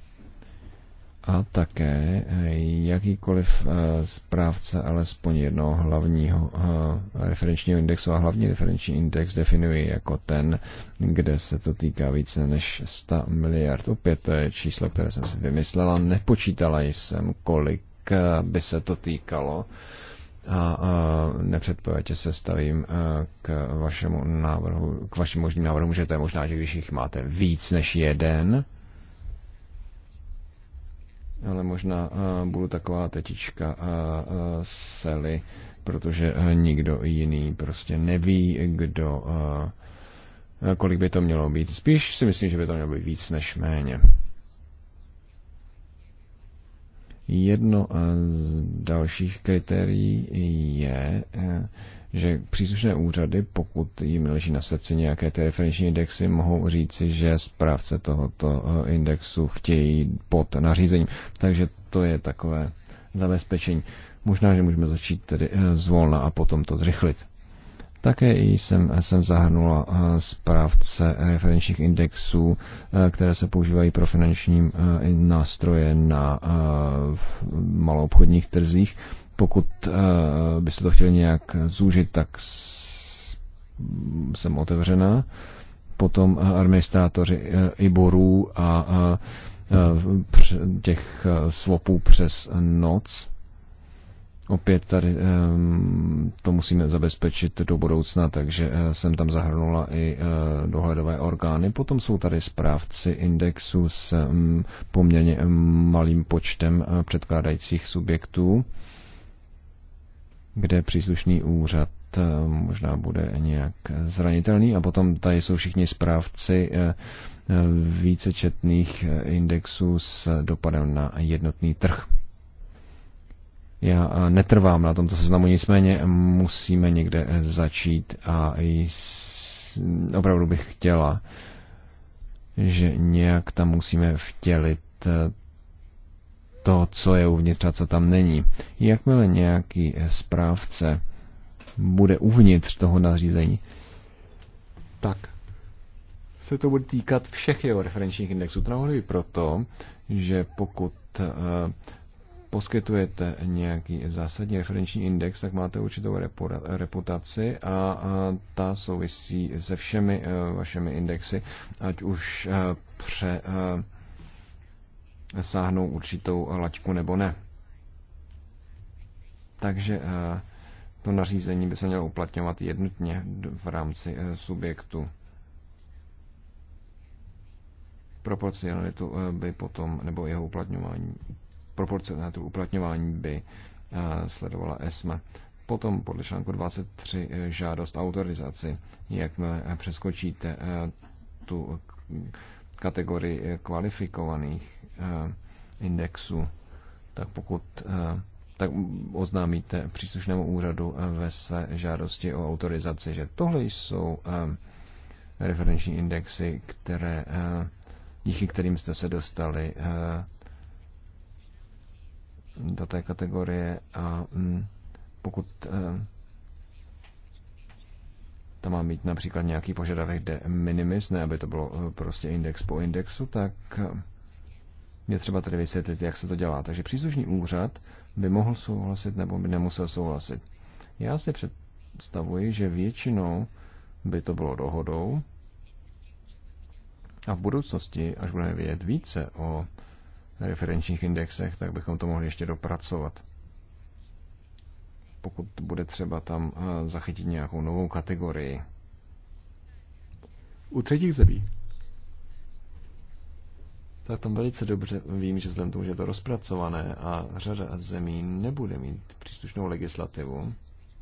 a také eh, jakýkoliv eh, správce alespoň jednoho hlavního eh, referenčního indexu a hlavní referenční index definuji jako ten, kde se to týká více než 100 miliard. Opět to je číslo, které jsem si vymyslela, nepočítala jsem, kolik by se to týkalo a nepředpovědě se stavím k vašemu návrhu, k vašim možným návrhům, že to je možná, že když jich máte víc než jeden, ale možná budu taková tetička Sely, protože nikdo jiný prostě neví, kdo kolik by to mělo být. Spíš si myslím, že by to mělo být víc než méně. Jedno eh, z dalších kritérií je, eh, že příslušné úřady, pokud jim leží na srdci nějaké ty referenční indexy, mohou říci, že správce tohoto eh, indexu chtějí pod nařízením. Takže to je takové zabezpečení. Možná, že můžeme začít tedy zvolna a potom to zrychlit. Také jsem, jsem zahrnula zprávce eh, referenčních indexů, eh, které se používají pro finanční eh, nástroje na maloobchodních trzích. Pokud byste to chtěli nějak zúžit, tak jsem otevřená. Potom administrátoři IBORů a těch svopů přes noc opět tady ehm, to musíme zabezpečit do budoucna, takže eh, jsem tam zahrnula i eh, dohledové orgány. Potom jsou tady správci indexu s mm, poměrně eh, malým počtem předkládajících subjektů, kde příslušný úřad možná bude nějak zranitelný. A potom tady jsou všichni správci vícečetných indexů s dopadem na jednotný trh. Já eh, netrvám na tomto seznamu, nicméně musíme někde eh, začít a opravdu bych chtěla, že nějak tam musíme vtělit eh, to, co je uvnitř a co tam není. Jakmile nějaký správce bude uvnitř toho nařízení, tak se to bude týkat všech jeho referenčních indexů. To proto, že pokud poskytujete nějaký zásadní referenční index, tak máte určitou reputaci a ta souvisí se všemi eh, vašimi indexy, ať už eh, pře eh, sáhnou určitou laťku nebo ne. Takže to nařízení by se mělo uplatňovat jednotně v rámci subjektu. Proporcionalitu by potom, nebo jeho uplatňování proporcionátu uplatňování by eh, sledovala ESMA. Potom podle článku 23 eh, žádost autorizaci, jakmile eh, přeskočíte tu kategorii kvalifikovaných indexů, tak pokud tak oznámíte příslušnému úřadu ve své žádosti o autorizaci, že tohle jsou referenční indexy, které, díky kterým jste se dostali do té kategorie a mm, pokud eh, tam má mít například nějaký požadavek de minimis, ne aby to bylo eh, prostě index po indexu, tak eh, je třeba tady vysvětlit, jak se to dělá. Takže příslušný úřad by mohl souhlasit nebo by nemusel souhlasit. Já si představuji, že většinou by to bylo dohodou a v budoucnosti, až budeme vědět více o referenčních indexech, tak bychom to mohli ještě dopracovat. Pokud bude třeba tam eh, zachytit nějakou novou kategorii. U třetích zemí. Tak tam velice dobře vím, že vzhledem tomu, že je to rozpracované a řada zemí nebude mít příslušnou legislativu,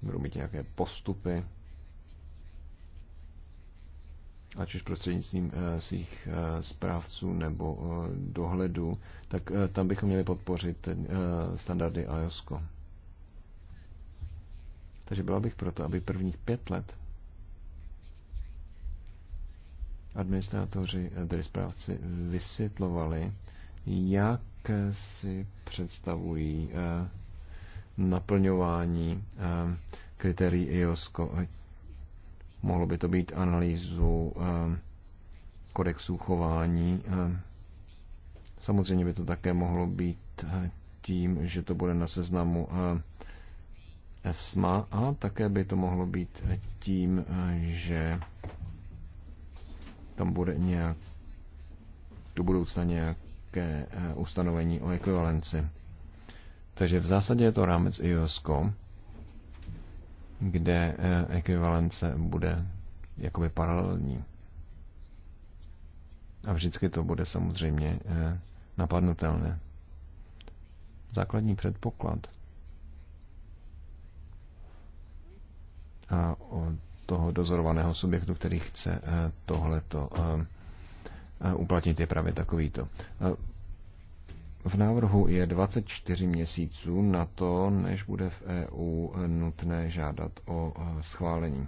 budou mít nějaké postupy, ať už prostřednictvím eh, svých eh, správců nebo eh, dohledu, tak tam bychom měli podpořit standardy IOSCO. Takže byla bych proto, aby prvních pět let administrátoři, tedy správci, vysvětlovali, jak si představují naplňování kritérií IOSCO Mohlo by to být analýzu ehm, kodexů chování. Ehm. Samozřejmě by to také mohlo být eh, tím, že to bude na seznamu ehm, ESMA a také by to mohlo být eh, tím, eh, že tam bude nějak do budoucna nějaké ustanovení o ekvivalenci. Takže v zásadě je to rámec IOSCO kde eh, ekvivalence bude jakoby paralelní. A vždycky to bude samozřejmě eh, napadnutelné. Základní předpoklad a od toho dozorovaného subjektu, který chce eh, tohleto uplatnit, je právě takovýto. V návrhu je 24 měsíců na to, než bude v EU nutné žádat o e, schválení.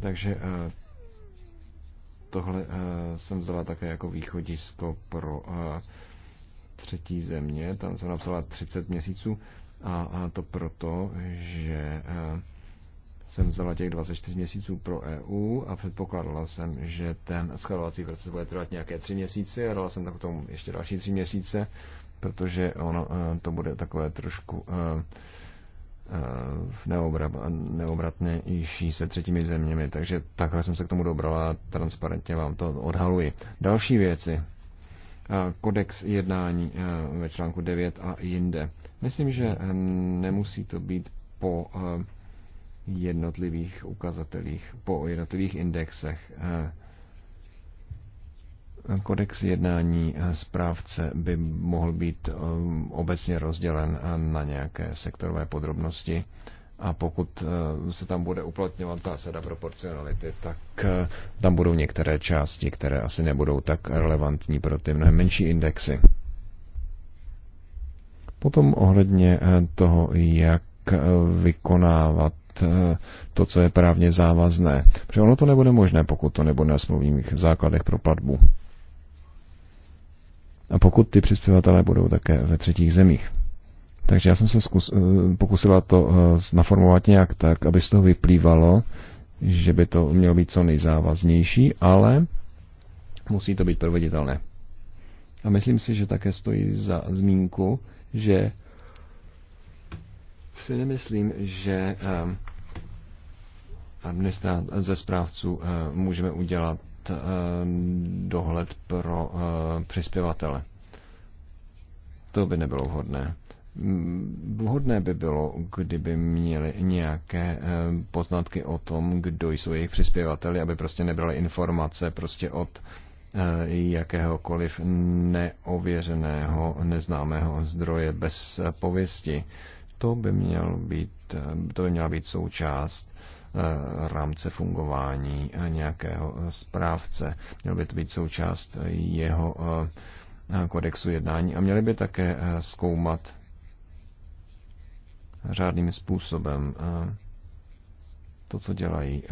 Takže e, tohle e, jsem vzala také jako východisko pro třetí země. Tam jsem napsala 30 měsíců a to proto, že jsem vzala těch 24 měsíců pro EU a předpokládala jsem, že ten schvalovací proces bude trvat nějaké tři měsíce a dala jsem tak tomu ještě další tři měsíce, protože ono e, to bude takové trošku e, e, neobratnější se třetími zeměmi, takže takhle jsem se k tomu dobrala a transparentně vám to odhaluji. Další věci. Kodex jednání ve článku 9 a jinde. Myslím, že nemusí to být po jednotlivých ukazatelích, po jednotlivých indexech. Eh, kodex jednání eh, správce by mohl být eh, obecně rozdělen na nějaké sektorové podrobnosti a pokud se tam bude uplatňovat zásada proporcionality, tak tam budou některé části, které asi nebudou tak relevantní pro ty mnohem menší indexy. Potom ohledně toho, jak vykonávat Eh, to, co je právně závazné. Protože ono to nebude možné, pokud to nebude na smluvních základech pro platbu. A pokud ty přispěvatelé budou také ve třetích zemích. Takže já jsem se zkus, eh, pokusila to eh, naformovat nějak tak, aby z toho vyplývalo, že by to mělo být co nejzávaznější, ale musí to být proveditelné. A myslím si, že také stojí za zmínku, že si nemyslím, že ehm, ze správců eh, můžeme udělat eh, dohled pro eh, přispěvatele. To by nebylo vhodné. Mm, vhodné by bylo, kdyby měli nějaké poznatky o tom, kdo jsou jejich přispěvateli, aby prostě nebrali informace prostě od jakéhokoliv neověřeného, neznámého zdroje bez pověsti to by, měl být, to by měla být součást eh, rámce fungování eh, nějakého eh, správce. Měl by to být součást jeho kodexu jednání a měli by také zkoumat řádným způsobem to, co dělají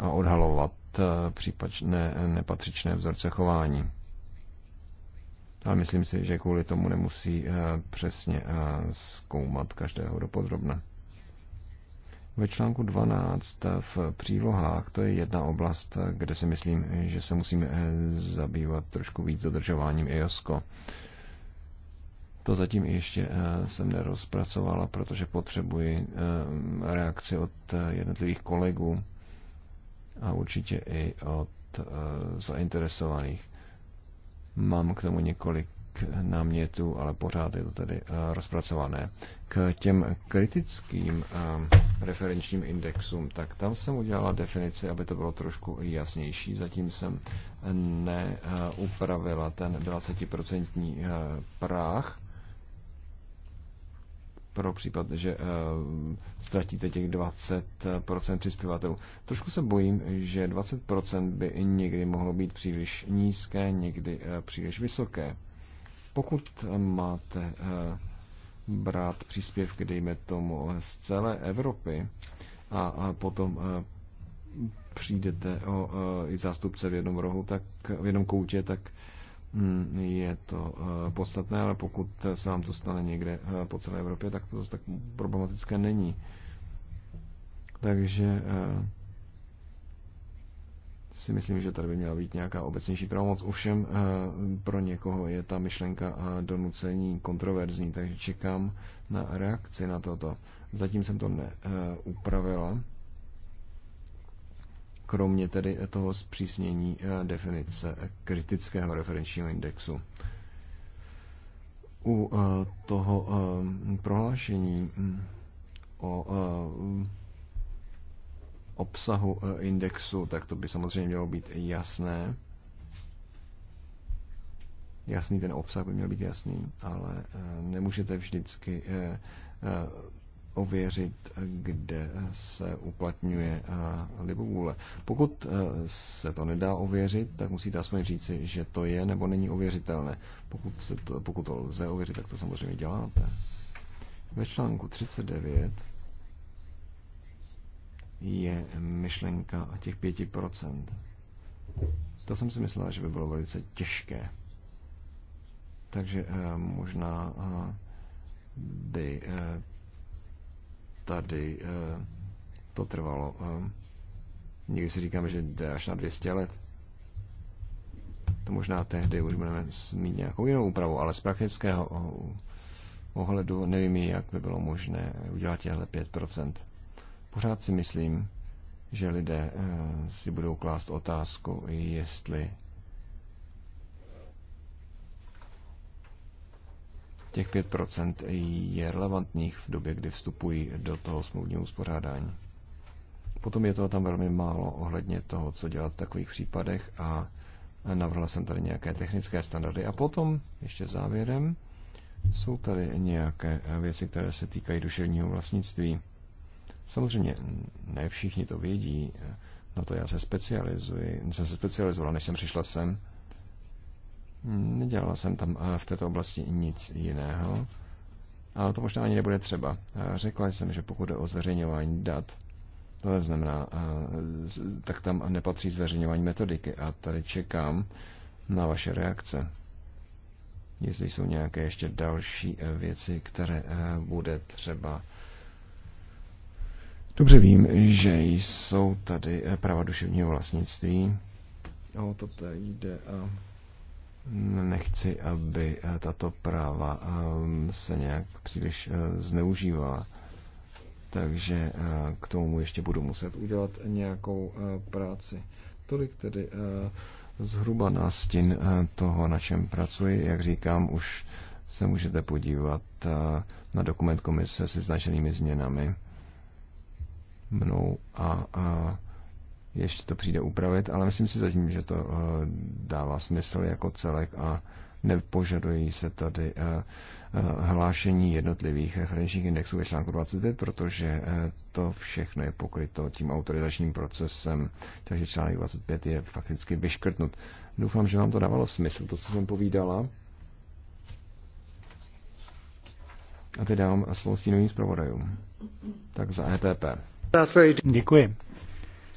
a odhalovat případné nepatřičné vzorce chování ale myslím si, že kvůli tomu nemusí eh, přesně eh, zkoumat každého dopodrobna. Ve článku 12 v přílohách to je jedna oblast, eh, kde si myslím, že se musíme zabývat trošku víc dodržováním IOSCO. To zatím ještě jsem nerozpracovala, protože potřebuji reakci od jednotlivých kolegů a určitě i od zainteresovaných. Mám k tomu několik námětů, ale pořád je to tady eh, rozpracované. K těm kritickým eh, referenčním indexům, tak tam jsem udělala definici, aby to bylo trošku jasnější. Zatím jsem neupravila eh, ten 20% práh, pro případ, že eh, ztratíte těch 20% přispěvatelů. Trošku se bojím, že 20% by někdy mohlo být příliš nízké, někdy eh, příliš vysoké. Pokud eh, máte brát příspěvky, dejme tomu, z celé Evropy a potom přijdete o i zástupce v jednom rohu, tak v jednom koutě, tak Hmm, je to eh, podstatné, ale pokud se vám to stane někde eh, po celé Evropě, tak to zase tak problematické není. Takže eh, si myslím, že tady by měla být nějaká obecnější pravomoc. Ovšem pro někoho je ta myšlenka donucení kontroverzní, takže čekám na reakci na toto. Zatím jsem to neupravila kromě tedy toho zpřísnění eh, definice kritického referenčního indexu. U eh, toho eh, prohlášení mm, o obsahu indexu, tak to by samozřejmě mělo být jasné. Jasný ten obsah by měl být jasný, ale nemůžete vždycky ověřit, kde se uplatňuje eh, libovůle. Pokud eh, se to nedá ověřit, tak musíte aspoň říci, že to je nebo není ověřitelné. Pokud, se to, pokud to lze ověřit, tak to samozřejmě děláte. Ve článku 39 je myšlenka těch 5%. To jsem si myslela, že by bylo velice těžké. Takže eh, možná by tady eh, to trvalo. Eh, někdy si říkáme, že jde až na 200 let. To možná tehdy už budeme mít nějakou jinou úpravu, ale z praktického eh, ohledu nevím, jak by bylo možné udělat těhle 5%. Pořád si myslím, že lidé si budou klást otázku, jestli těch 5% je relevantních v době, kdy vstupují do toho smluvního uspořádání. Potom je toho tam velmi málo ohledně toho, co dělat v takových případech a navrhla jsem tady nějaké technické standardy. A potom, ještě závěrem, jsou tady nějaké věci, které se týkají duševního vlastnictví. Samozřejmě ne všichni to vědí, na to já se specializuji, jsem se specializoval, než jsem přišla sem, Nedělala jsem tam eh, v této oblasti nic jiného, ale to možná ani nebude třeba. Eh, řekla jsem, že pokud je o zveřejňování dat, to znamená, eh, tak tam nepatří zveřejňování metodiky a tady čekám na vaše reakce. Jestli jsou nějaké ještě další věci, které bude třeba Dobře vím, že jsou tady práva duševního vlastnictví. O to tady jde a nechci, aby eh, tato práva ehm, se nějak příliš eh, zneužívala. Takže eh, k tomu ještě budu muset udělat nějakou práci. Tolik tedy zhruba nástin toho, na čem pracuji. Jak říkám, už se můžete podívat na dokument komise se značenými změnami mnou a, a ještě to přijde upravit, ale myslím si zatím, že to eh, dává smysl jako celek a nepožadují se tady eh, eh, hlášení jednotlivých referenčních indexů ve článku 25, protože to všechno je pokryto tím autorizačním procesem, takže článek 25 je fakticky vyškrtnut. Doufám, že vám to dávalo smysl, to, co jsem povídala. A teď dávám slovo stínovým zpravodajům. Tak za ETP. Děkuji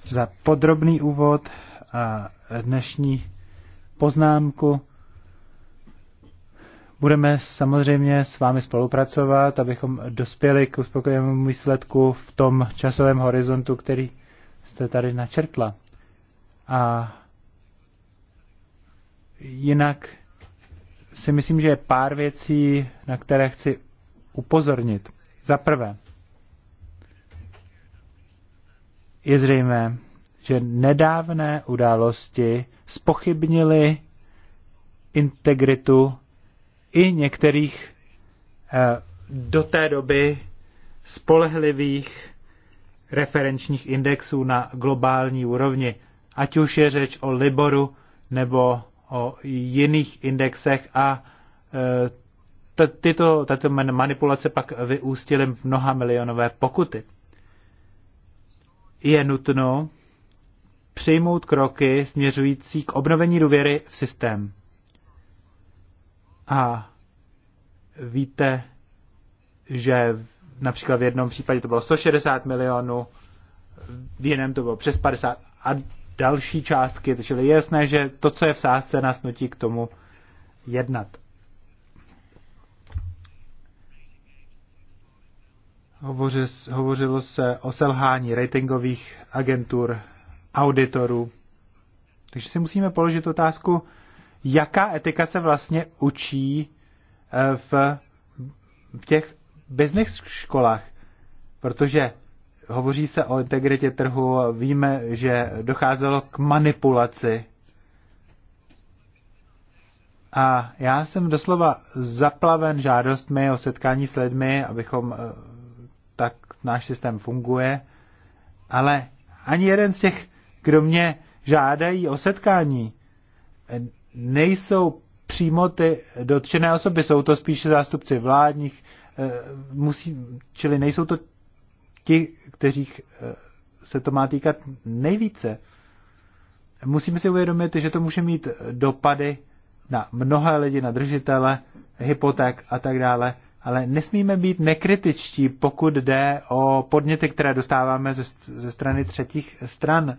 za podrobný úvod a dnešní poznámku. Budeme samozřejmě s vámi spolupracovat, abychom dospěli k uspokojenému výsledku v tom časovém horizontu, který jste tady načrtla. A jinak si myslím, že je pár věcí, na které chci upozornit. Za prvé, je zřejmé, že nedávné události spochybnily integritu i některých eh, do té doby spolehlivých referenčních indexů na globální úrovni, ať už je řeč o Liboru nebo o jiných indexech a eh, tyto, tato manipulace pak vyústily v mnoha milionové pokuty je nutno přijmout kroky směřující k obnovení důvěry v systém. A víte, že například v jednom případě to bylo 160 milionů, v jiném to bylo přes 50 a další částky, čili je jasné, že to, co je v sázce, nás nutí k tomu jednat. hovořilo se o selhání ratingových agentur, auditorů. Takže si musíme položit otázku, jaká etika se vlastně učí eh, v, v těch business školách. Protože hovoří se o integritě trhu, víme, že docházelo k manipulaci. A já jsem doslova zaplaven žádostmi o setkání s lidmi, abychom eh, náš systém funguje, ale ani jeden z těch, kdo mě žádají o setkání, nejsou přímo ty dotčené osoby, jsou to spíše zástupci vládních, eh, musí, čili nejsou to ti, kteřích eh, se to má týkat nejvíce. Musíme si uvědomit, že to může mít dopady na mnohé lidi, na držitele hypoték a tak dále ale nesmíme být nekritičtí, pokud jde o podněty, které dostáváme ze, ze strany třetích stran.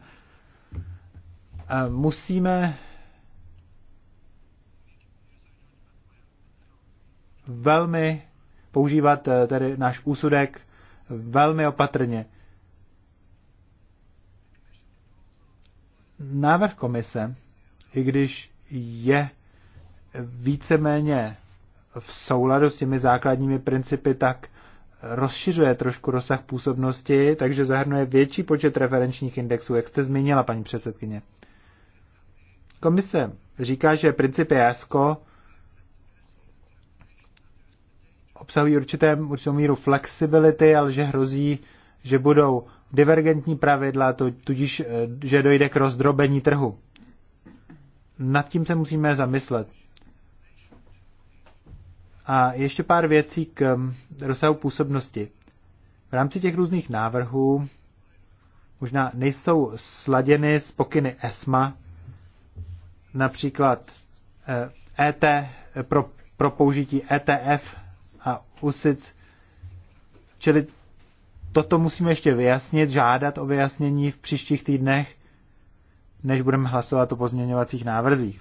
E, musíme velmi používat e, tedy náš úsudek velmi opatrně. Návrh komise, i když je víceméně v souladu s těmi základními principy, tak rozšiřuje trošku rozsah působnosti, takže zahrnuje větší počet referenčních indexů, jak jste zmínila, paní předsedkyně. Komise říká, že principy ESCO obsahují určité, určitou míru flexibility, ale že hrozí, že budou divergentní pravidla, to, tudíž, eh, že dojde k rozdrobení trhu. Nad tím se musíme zamyslet. A ještě pár věcí k um, rozsahu působnosti. V rámci těch různých návrhů možná nejsou sladěny z pokyny ESMA, například ET eh, e eh, pro, pro použití ETF a USIC, čili toto musíme ještě vyjasnit, žádat o vyjasnění v příštích týdnech, než budeme hlasovat o pozměňovacích návrzích.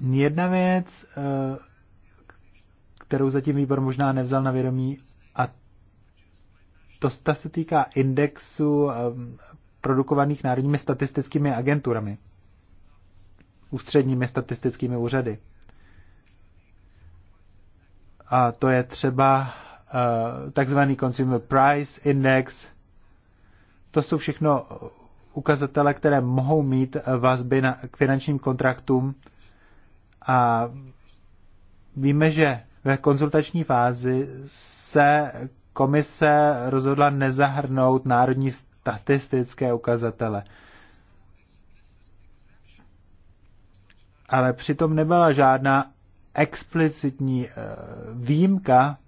Jedna věc, eh, kterou zatím výbor možná nevzal na vědomí, a to ta se týká indexu ehm, produkovaných národními statistickými agenturami, ústředními statistickými úřady. A to je třeba eh, takzvaný Consumer Price Index. To jsou všechno ukazatele, které mohou mít eh, vazby na, k finančním kontraktům a víme, že ve konzultační fázi se komise rozhodla nezahrnout národní statistické ukazatele. Ale přitom nebyla žádná explicitní eh, výjimka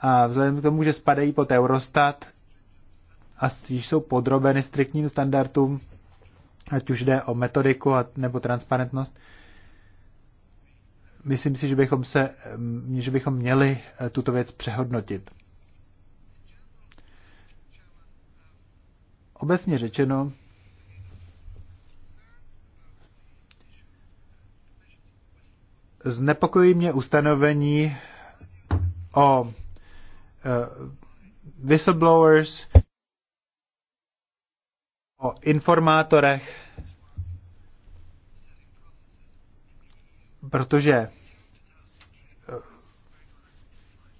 a vzhledem k tomu, že spadají pod Eurostat a spíš jsou podrobeny striktním standardům, ať už jde o metodiku nebo transparentnost, myslím si, že bychom, se, mm, že bychom měli eh, tuto věc přehodnotit. Obecně řečeno, znepokojí mě ustanovení o uh, whistleblowers, o informátorech, protože eh,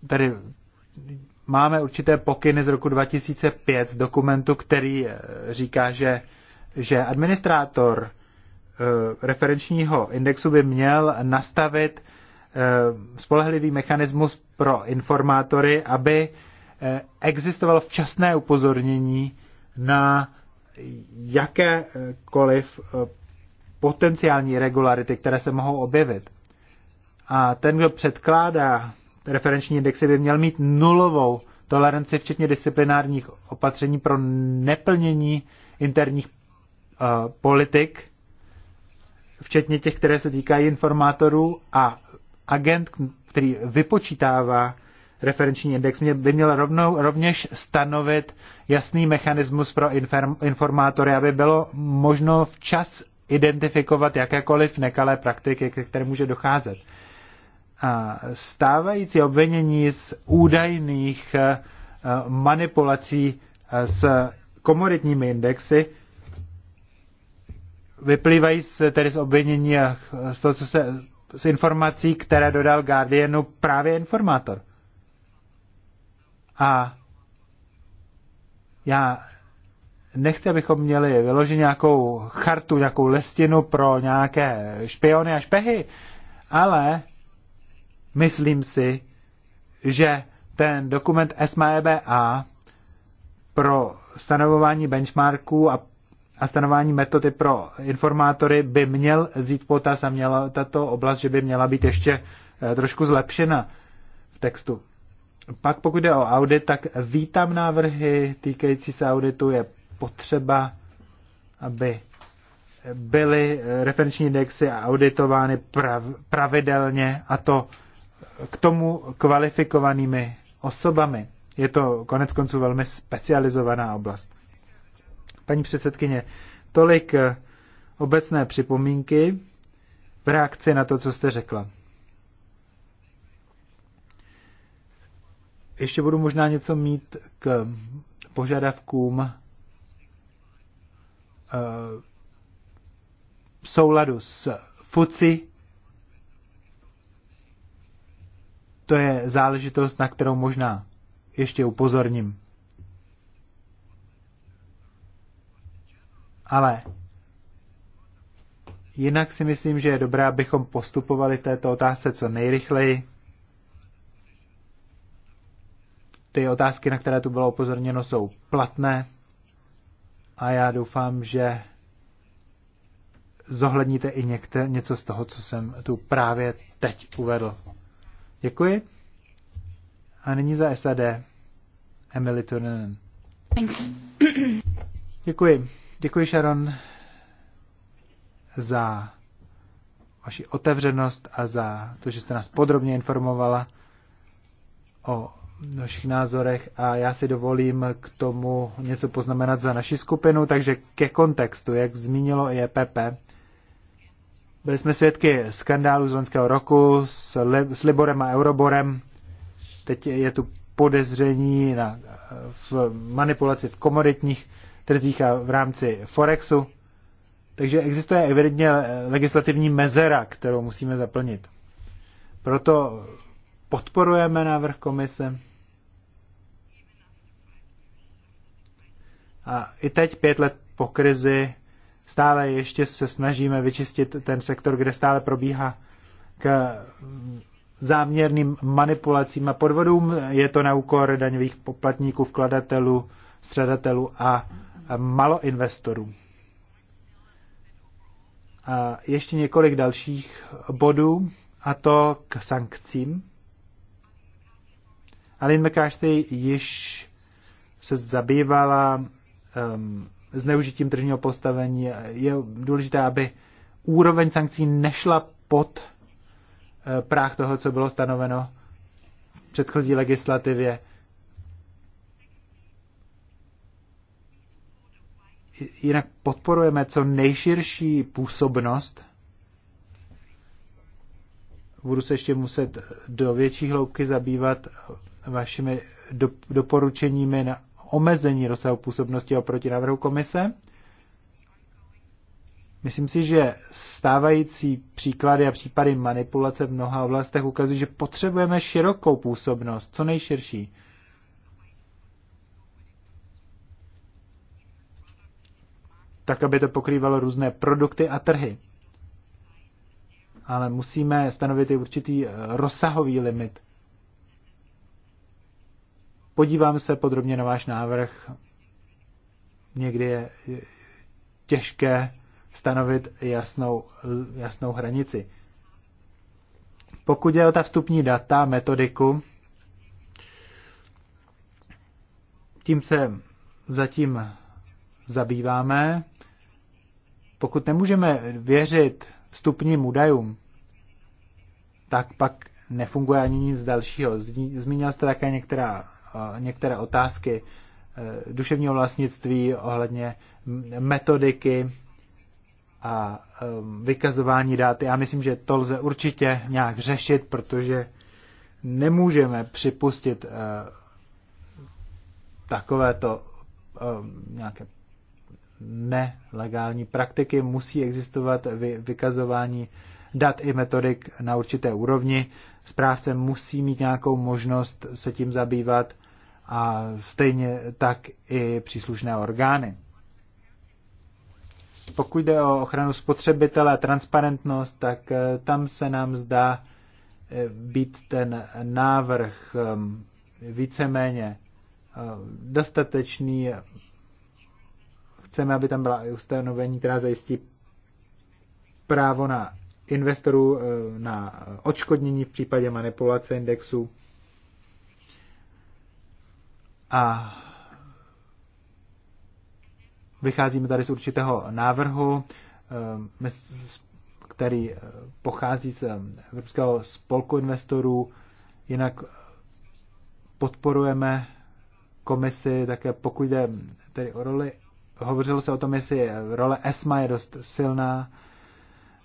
tady máme určité pokyny z roku 2005 z dokumentu, který eh, říká, že, že administrátor eh, referenčního indexu by měl nastavit spolehlivý mechanismus pro informátory, aby existovalo včasné upozornění na jakékoliv potenciální regularity, které se mohou objevit. A ten, kdo předkládá referenční indexy, by měl mít nulovou toleranci, včetně disciplinárních opatření pro neplnění interních uh, politik, včetně těch, které se týkají informátorů a agent, který vypočítává referenční index, mě by měl rovnou, rovněž stanovit jasný mechanismus pro inform, informátory, aby bylo možno včas identifikovat jakékoliv nekalé praktiky, ke které může docházet. A stávající obvinění z údajných eh, manipulací eh, s komoditními indexy vyplývají z, tedy z obvinění z toho, co se z informací, které dodal Guardianu právě informátor. A já nechci, abychom měli vyložit nějakou chartu, nějakou listinu pro nějaké špiony a špehy, ale myslím si, že ten dokument SMAEBA pro stanovování benchmarků a, a stanování metody pro informátory by měl vzít potaz a měla tato oblast, že by měla být ještě eh, trošku zlepšena v textu. Pak pokud jde o audit, tak vítám návrhy týkající se auditu. Je potřeba, aby byly eh, referenční indexy auditovány prav, pravidelně a to k tomu kvalifikovanými osobami. Je to konec konců velmi specializovaná oblast. Paní předsedkyně, tolik eh, obecné připomínky v reakci na to, co jste řekla. Ještě budu možná něco mít k požadavkům v eh, souladu s FUCI. To je záležitost, na kterou možná ještě upozorním. Ale jinak si myslím, že je dobré, abychom postupovali v této otázce co nejrychleji. Ty otázky, na které tu bylo upozorněno, jsou platné a já doufám, že zohledníte i někde něco z toho, co jsem tu právě teď uvedl. Děkuji. A nyní za SAD Emily Turnen. Thanks. Děkuji. Děkuji, Sharon, za vaši otevřenost a za to, že jste nás podrobně informovala o našich názorech a já si dovolím k tomu něco poznamenat za naši skupinu, takže ke kontextu, jak zmínilo i EPP, byli jsme svědky skandálu z loňského roku s, Lib s Liborem a Euroborem. Teď je tu podezření na, v manipulaci v komoditních trzích a v rámci Forexu. Takže existuje evidentně legislativní mezera, kterou musíme zaplnit. Proto podporujeme návrh komise. A i teď, pět let po krizi, stále ještě se snažíme vyčistit ten sektor, kde stále probíhá k záměrným manipulacím a podvodům. Je to na úkor daňových poplatníků, vkladatelů, středatelů a maloinvestorů. A ještě několik dalších bodů, a to k sankcím. Alin McCarthy již se zabývala um, zneužitím tržního postavení. Je důležité, aby úroveň sankcí nešla pod uh, práh toho, co bylo stanoveno v předchozí legislativě. Jinak podporujeme co nejširší působnost budu se ještě muset do větší hloubky zabývat vašimi doporučeními na omezení rozsahu působnosti oproti návrhu komise. Myslím si, že stávající příklady a případy manipulace v mnoha oblastech ukazují, že potřebujeme širokou působnost, co nejširší. Tak, aby to pokrývalo různé produkty a trhy. Ale musíme stanovit i určitý eh, rozsahový limit Podívám se podrobně na váš návrh. Někdy je těžké stanovit jasnou, jasnou hranici. Pokud je o ta vstupní data, metodiku, tím se zatím zabýváme. Pokud nemůžeme věřit vstupním údajům, tak pak nefunguje ani nic dalšího. Zmínil jste také některá některé otázky eh, duševního vlastnictví, ohledně metodiky a ehm, vykazování dát. Já myslím, že to lze určitě nějak řešit, protože nemůžeme připustit eh, takovéto ehm, nějaké nelegální praktiky. Musí existovat vykazování dat i metodik na určité úrovni. Správce musí mít nějakou možnost se tím zabývat a stejně tak i příslušné orgány. Pokud jde o ochranu spotřebitele a transparentnost, tak eh, tam se nám zdá eh, být ten návrh ehm, víceméně eh, dostatečný. Chceme, aby tam byla ustanovení, která zajistí právo na investorů na odškodnění v případě manipulace indexu a vycházíme tady z určitého návrhu, ehm, který eh, pochází z ehm, Evropského spolku investorů. Jinak podporujeme komisi také pokud jde tedy o roli, hovořilo se o tom, jestli role ESMA je dost silná.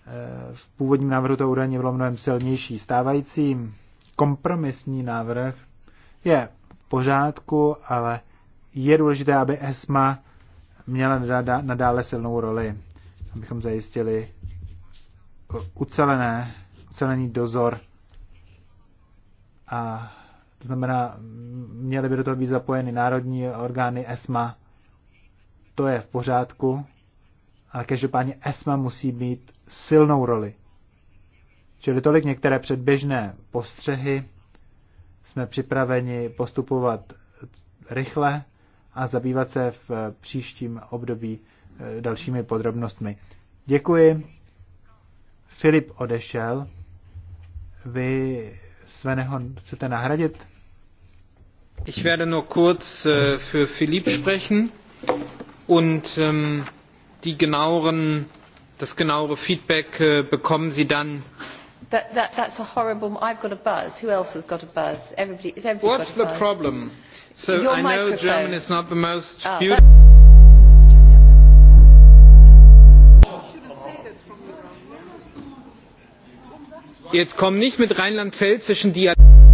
Eh, v původním návrhu to údajně bylo mnohem silnější. Stávající kompromisní návrh je pořádku, ale je důležité, aby ESMA měla nadále silnou roli, abychom zajistili ucelené, ucelený dozor a to znamená, měly by do toho být zapojeny národní orgány ESMA. To je v pořádku, ale každopádně ESMA musí mít silnou roli. Čili tolik některé předběžné postřehy. Jsme připraveni postupovat rychle a zabývat se v příštím období e, dalšími podrobnostmi. Děkuji. Filip odešel. Vy Sveneho chcete nahradit? Ich werde nur kurz äh, für Philipp sprechen und ähm, die genaueren, das genauere Feedback äh, bekommen Sie dann That, that, that's a horrible. I've got a buzz. Who else has got a buzz? Everybody. has Everybody. What's got a the buzz? problem? So Your I microphone. know German is not the most oh, beautiful. That... Jetzt komm nicht mit rheinland-pfälzischen Dialekten.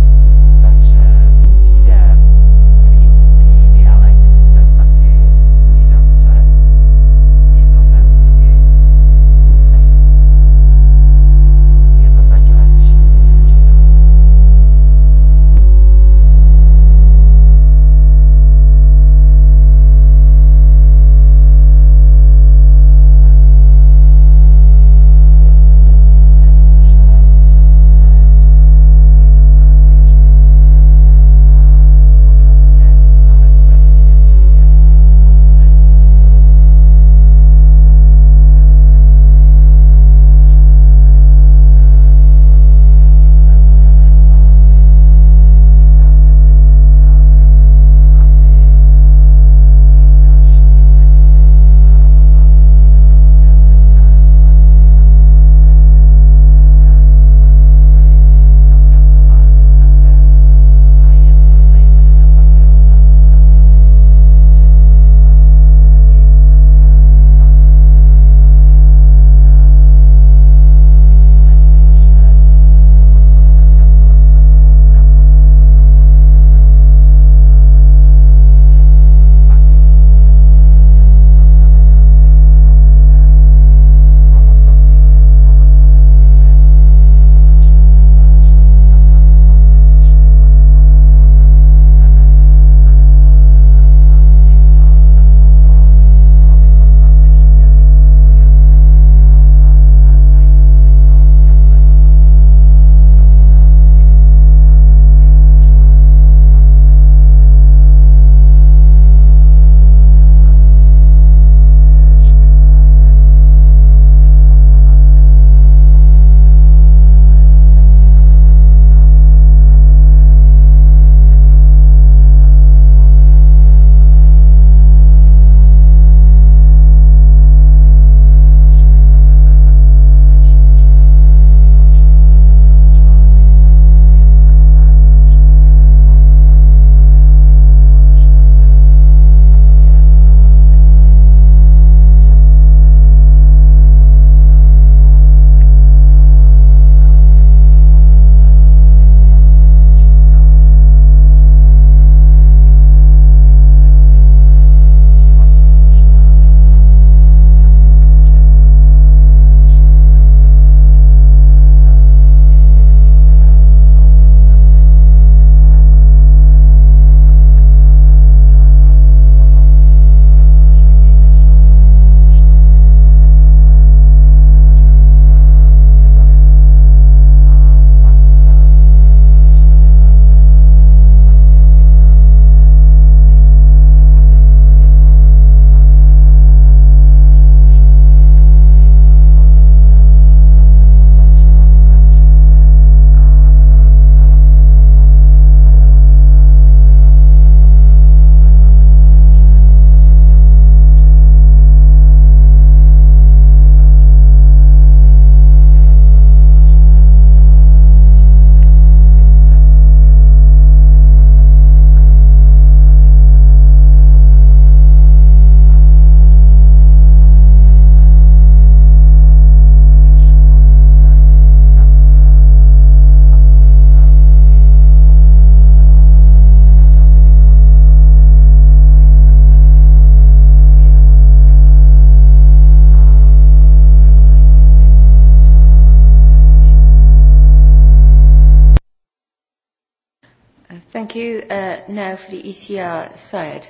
the ECR, Syed.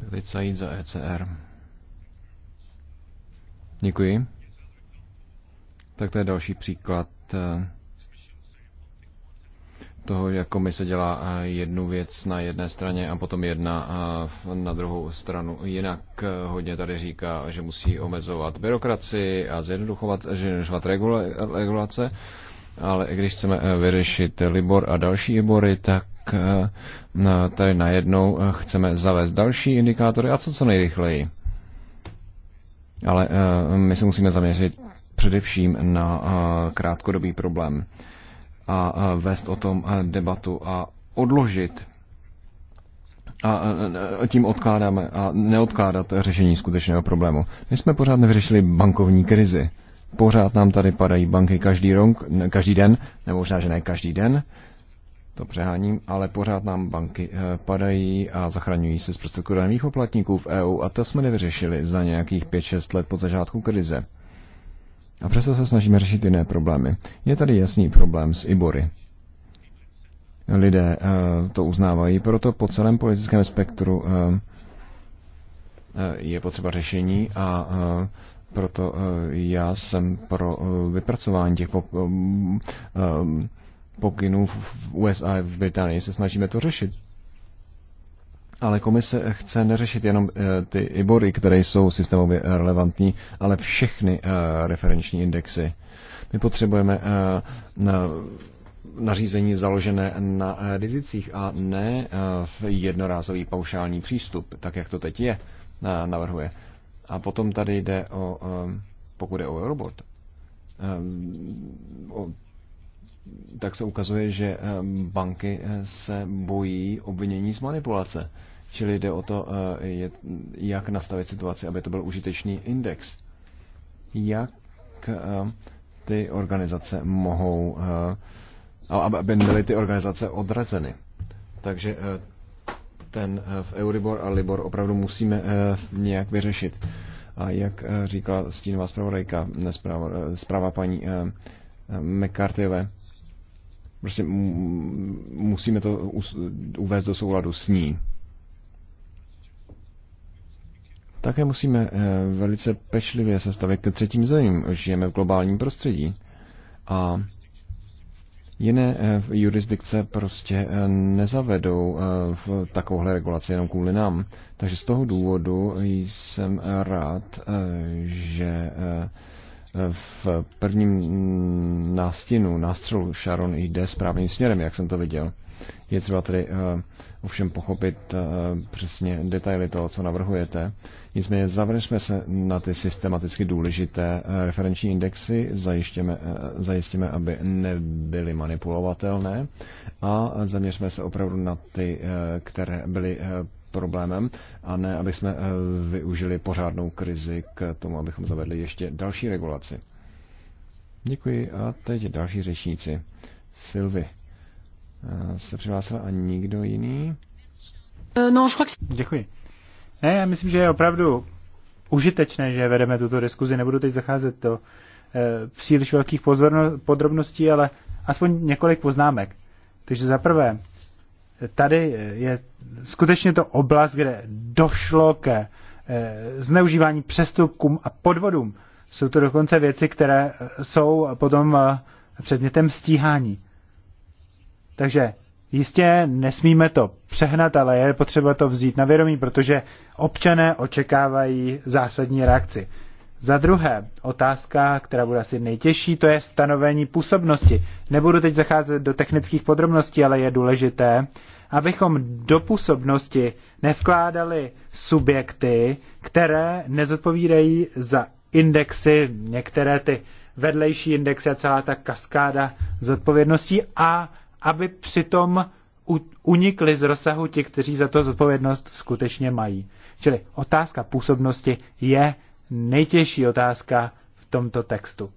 Tak Said za ECR. Děkuji. Tak to je další příklad eh, toho, jak komise dělá eh, jednu věc na jedné straně a potom jedna eh, na druhou stranu. Jinak hodně tady říká, že musí omezovat byrokracii a zjednoduchovat, zjednoduchovat regulace, ale když chceme vyřešit Libor a další libory, tak tak eh, tady najednou eh, chceme zavést další indikátory a co co nejrychleji. Ale eh, my se musíme zaměřit především na krátkodobý problém a vést o tom debatu a odložit a tím odkládáme a neodkládat řešení skutečného problému. My jsme pořád nevyřešili bankovní krizi. Pořád nám tady padají banky každý, rok, každý den, nebo možná, že ne každý den, to přeháním, ale pořád nám banky eh, padají a zachraňují se z prostředků daných poplatníků v EU a to jsme nevyřešili za nějakých 5-6 let po začátku krize. A přesto se snažíme řešit jiné problémy. Je tady jasný problém s Ibory. Lidé eh, to uznávají, proto po celém politickém spektru eh, je potřeba řešení a proto já jsem pro vypracování těch pokynů v USA a v Británii se snažíme to řešit. Ale komise chce neřešit jenom eh, ty IBORy, které jsou systémově relevantní, ale všechny eh, referenční indexy. My potřebujeme eh, nařízení založené na rizicích a ne v jednorázový paušální přístup, tak jak to teď je, navrhuje. A potom tady jde o, pokud je o robot, o tak se ukazuje, že eh, banky eh, se bojí obvinění z manipulace. Čili jde o to, eh, jak nastavit situaci, aby to byl užitečný index. Jak ty organizace mohou, aby byly ty organizace odrazeny. Takže ten v Euribor a Libor opravdu musíme nějak vyřešit. A jak říkala stínová zpravodajka, zpráva paní McCarthyové, Prostě musíme to uvést do souladu s ní. Také musíme eh, velice pečlivě se stavět ke třetím zemím. Žijeme v globálním prostředí a jiné eh, jurisdikce prostě eh, nezavedou v takovouhle regulaci jenom kvůli nám. Takže z toho důvodu jsem rád, že v prvním nástinu, nástřelu Sharon jde správným směrem, jak jsem to viděl. Je třeba tedy eh, ovšem pochopit eh, přesně detaily toho, co navrhujete. Nicméně zavřeme se na ty systematicky důležité eh, referenční indexy, zajistíme, zajistíme aby nebyly manipulovatelné a zaměřme se opravdu na ty, které byly problémem a ne, aby jsme eh, využili pořádnou krizi k tomu, abychom zavedli ještě další regulaci. Děkuji a teď další řečníci. Silvy eh, se přihlásila a nikdo jiný? Eh, no, Děkuji. Ne, já myslím, že je opravdu užitečné, že vedeme tuto diskuzi. Nebudu teď zacházet do e, příliš velkých pozorno, podrobností, ale aspoň několik poznámek. Takže za prvé, tady je skutečně to oblast, kde došlo ke eh, zneužívání přestupkům a podvodům. Jsou to dokonce věci, které eh, jsou potom eh, předmětem stíhání. Takže jistě nesmíme to přehnat, ale je potřeba to vzít na vědomí, protože občané očekávají zásadní reakci. Za druhé, otázka, která bude asi nejtěžší, to je stanovení působnosti. Nebudu teď zacházet do technických podrobností, ale je důležité, abychom do působnosti nevkládali subjekty, které nezodpovídají za indexy, některé ty vedlejší indexy a celá ta kaskáda zodpovědností a aby přitom unikli z rozsahu ti, kteří za to zodpovědnost skutečně mají. Čili otázka působnosti je nejtěžší otázka v tomto textu.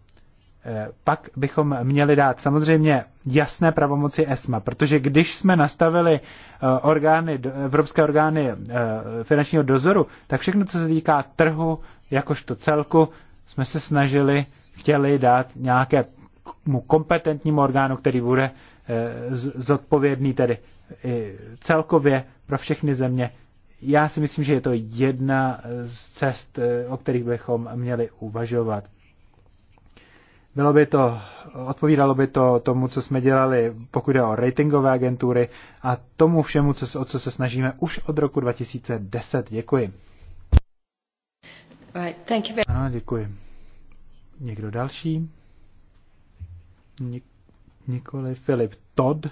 Eh, pak bychom měli dát samozřejmě jasné pravomoci ESMA, protože když jsme nastavili eh, orgány, evropské orgány eh, finančního dozoru, tak všechno, co se týká trhu, jakožto celku, jsme se snažili, chtěli dát nějakému kompetentnímu orgánu, který bude zodpovědný tedy celkově pro všechny země, já si myslím, že je to jedna z cest, eh, o kterých bychom měli uvažovat. Bylo by to, odpovídalo by to tomu, co jsme dělali, pokud jde o ratingové agentury a tomu všemu, co, o co se snažíme už od roku 2010. Děkuji. Right, thank you very... Ano, děkuji. Někdo další? Nik- nikoli Filip Todd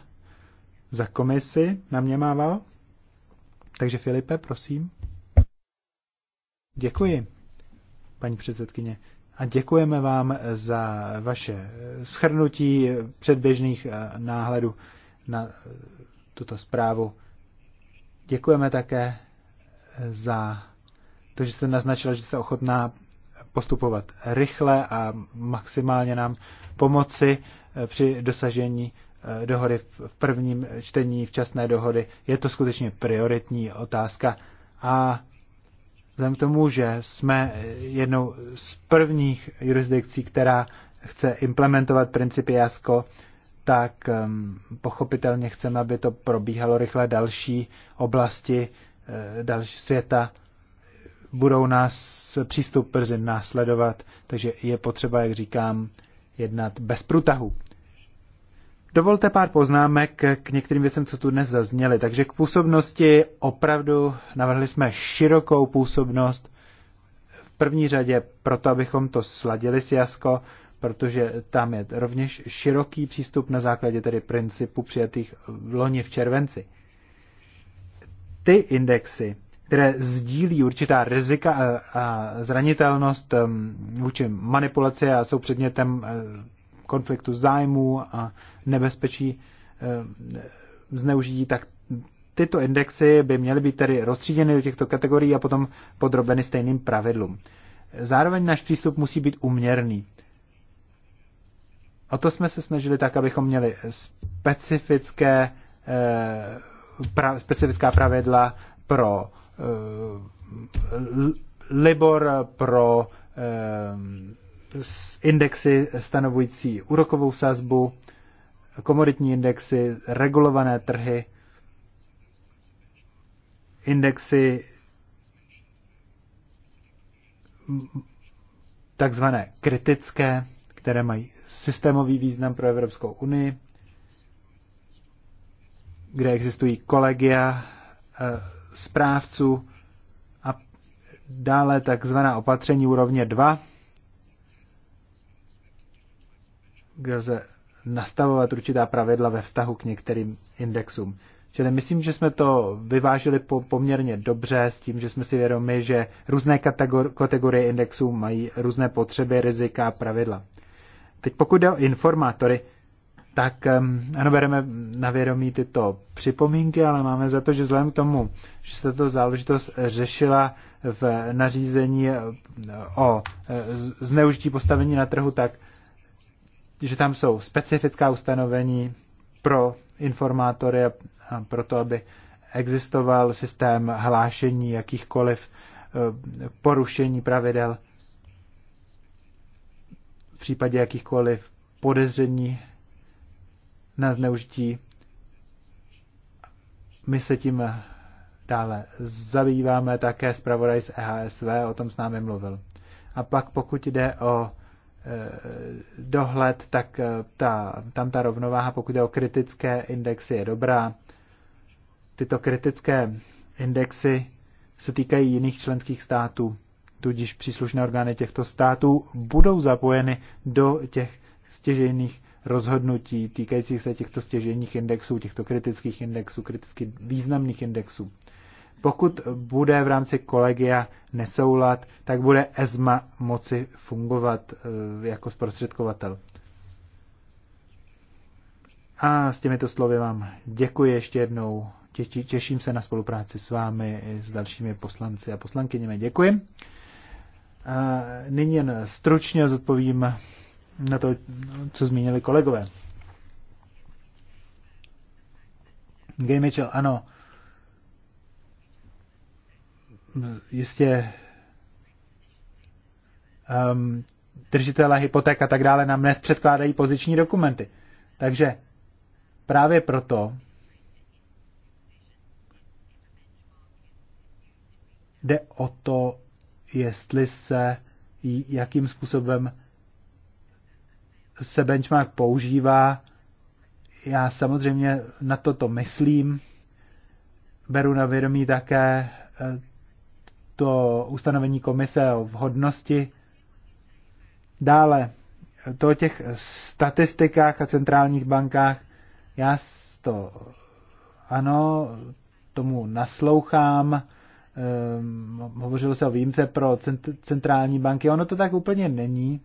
za komisi na mě mával. Takže Filipe, prosím. Děkuji, paní předsedkyně. A děkujeme vám za vaše schrnutí předběžných eh, náhledů na eh, tuto zprávu. Děkujeme také eh, za to, že jste naznačila, že jste ochotná postupovat rychle a maximálně nám pomoci při dosažení Eh, dohody v prvním čtení včasné dohody. Je to skutečně prioritní otázka a vzhledem k tomu, že jsme jednou z prvních jurisdikcí, která chce implementovat principy JASKO, tak pochopitelně chceme, aby to probíhalo rychle. Další oblasti eh, další světa budou nás přístup brzy následovat, takže je potřeba, jak říkám, jednat bez průtahu. Dovolte pár poznámek k některým věcem, co tu dnes zazněly. Takže k působnosti opravdu navrhli jsme širokou působnost. V první řadě proto, abychom to sladili s Jasko, protože tam je rovněž široký přístup na základě tedy principu přijatých v loni v červenci. Ty indexy, které sdílí určitá rizika a zranitelnost vůči manipulaci a jsou předmětem konfliktu zájmů a nebezpečí eh, zneužití, tak tyto indexy by měly být tedy rozstříděny do těchto kategorií a potom podrobeny stejným pravidlům. Zároveň náš přístup musí být uměrný. O to jsme se snažili tak, abychom měli specifické, eh, pra, specifická pravidla pro eh, Libor, pro indexy stanovující úrokovou sazbu, komoditní indexy, regulované trhy, indexy takzvané kritické, které mají systémový význam pro Evropskou unii, kde existují kolegia eh, správců a dále takzvaná opatření úrovně 2, kde lze nastavovat určitá pravidla ve vztahu k některým indexům. Čili myslím, že jsme to vyvážili po, poměrně dobře s tím, že jsme si vědomi, že různé kategorie indexů mají různé potřeby, rizika a pravidla. Teď pokud jde o informátory, tak ano, bereme na vědomí tyto připomínky, ale máme za to, že vzhledem k tomu, že se tato záležitost řešila v nařízení o e, zneužití postavení na trhu, tak že tam jsou specifická ustanovení pro informátory a pro to, aby existoval systém hlášení jakýchkoliv e, porušení pravidel v případě jakýchkoliv podezření na zneužití. My se tím dále zabýváme, také zpravodaj z EHSV o tom s námi mluvil. A pak pokud jde o Eh, dohled, tak eh, ta, tam ta rovnováha, pokud je o kritické indexy, je dobrá. Tyto kritické indexy se týkají jiných členských států, tudíž příslušné orgány těchto států budou zapojeny do těch stěžejných rozhodnutí týkajících se těchto stěžejních indexů, těchto kritických indexů, kriticky významných indexů. Pokud bude v rámci kolegia nesoulad, tak bude ESMA moci fungovat eh, jako zprostředkovatel. A s těmito slovy vám děkuji ještě jednou. Těším se na spolupráci s vámi i s dalšími poslanci a poslankyněmi. Děkuji. A nyní jen stručně zodpovím na to, co zmínili kolegové. Gay Mitchell, ano, jistě um, ehm, držitele hypoték a tak dále nám nepředkládají poziční dokumenty. Takže právě proto jde o to, jestli se, jakým způsobem se benchmark používá. Já samozřejmě na toto myslím. Beru na vědomí také eh, to ustanovení komise o vhodnosti. Dále, to o těch statistikách a centrálních bankách, já to ano, tomu naslouchám, Ehm, hovořilo se o výjimce pro cent, centrální banky, ono to tak úplně není.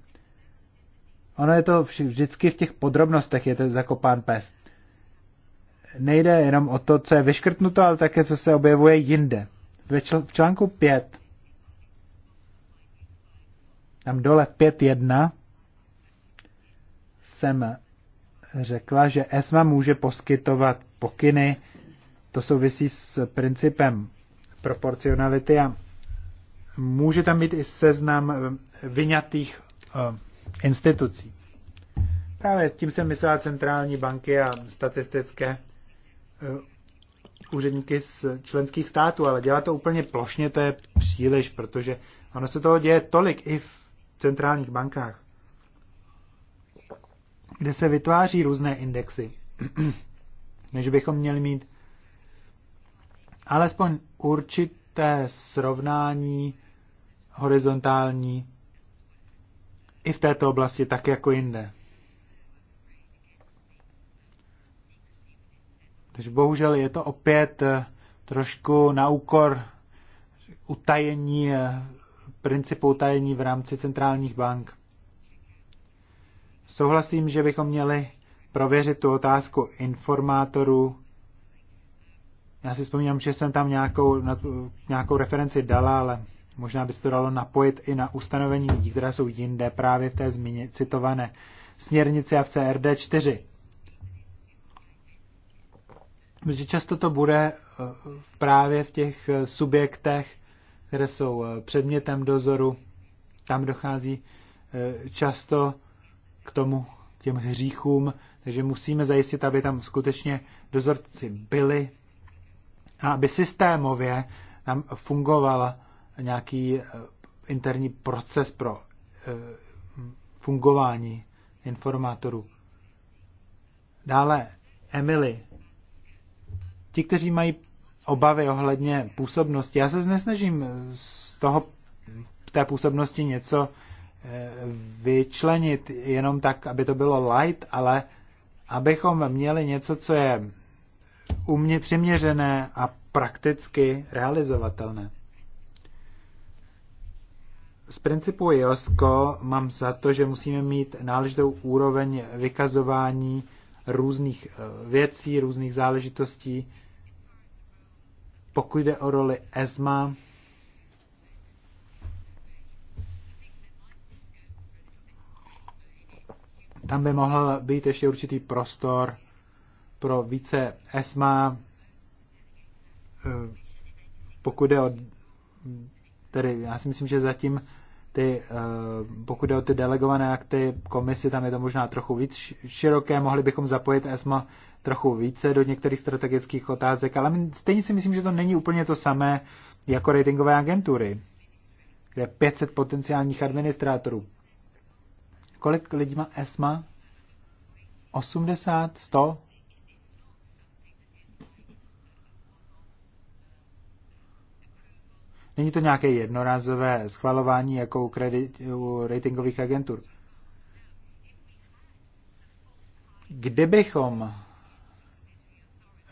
Ono je to vždycky v těch podrobnostech, je to zakopán pes. Nejde jenom o to, co je vyškrtnuto, ale také, co se objevuje jinde v článku 5, tam dole 5.1, jsem řekla, že ESMA může poskytovat pokyny, to souvisí s principem proporcionality a může tam být i seznam eh, vyňatých uh, institucí. Právě tím jsem myslela centrální banky a statistické eh, úředníky z členských států, ale dělat to úplně plošně, to je příliš, protože ono se toho děje tolik i v centrálních bankách, kde se vytváří různé indexy, než bychom měli mít alespoň určité srovnání horizontální i v této oblasti, tak jako jinde. Takže bohužel je to opět eh, trošku na úkor utajení, eh, principu utajení v rámci centrálních bank. Souhlasím, že bychom měli prověřit tu otázku informátorů. Já si vzpomínám, že jsem tam nějakou, nějakou referenci dala, ale možná by se to dalo napojit i na ustanovení lidí, která jsou jinde právě v té zmíně, citované směrnici a v CRD 4 že často to bude eh, právě v těch eh, subjektech, které jsou eh, předmětem dozoru. Tam dochází často k tomu, k těm hříchům, takže musíme zajistit, aby tam skutečně dozorci byli a aby systémově tam fungoval nějaký interní proces pro fungování informátorů. Dále Emily ti, kteří mají obavy ohledně působnosti, já se nesnažím z toho, té působnosti něco eh, vyčlenit jenom tak, aby to bylo light, ale abychom měli něco, co je umě přiměřené a prakticky realizovatelné. Z principu IOSCO mám za to, že musíme mít náležitou úroveň vykazování různých eh, věcí, různých záležitostí, pokud jde o roli ESMA, tam by mohl být ještě určitý prostor pro více ESMA, eh, pokud jde o, tedy já si myslím, že zatím ty, eh, pokud jde o ty delegované akty komisi, tam je to možná trochu víc široké, mohli bychom zapojit ESMA trochu více do některých strategických otázek, ale stejně si myslím, že to není úplně to samé jako ratingové agentury, kde 500 potenciálních administrátorů. Kolik lidí má ESMA? 80? 100? Není to nějaké jednorázové schvalování jako u, kredit, u ratingových agentur. Kdybychom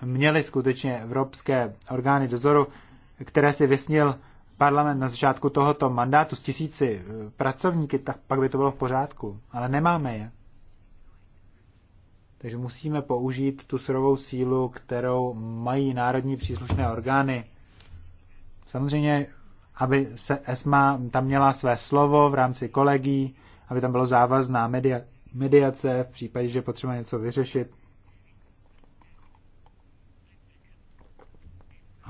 měli skutečně evropské orgány dozoru, které si vysnil parlament na začátku tohoto mandátu s tisíci eh, pracovníky, tak pak by to bylo v pořádku. Ale nemáme je. Takže musíme použít tu surovou sílu, kterou mají národní příslušné orgány Samozřejmě, aby se ESMA tam měla své slovo v rámci kolegí, aby tam bylo závazná media, mediace v případě, že potřeba něco vyřešit. A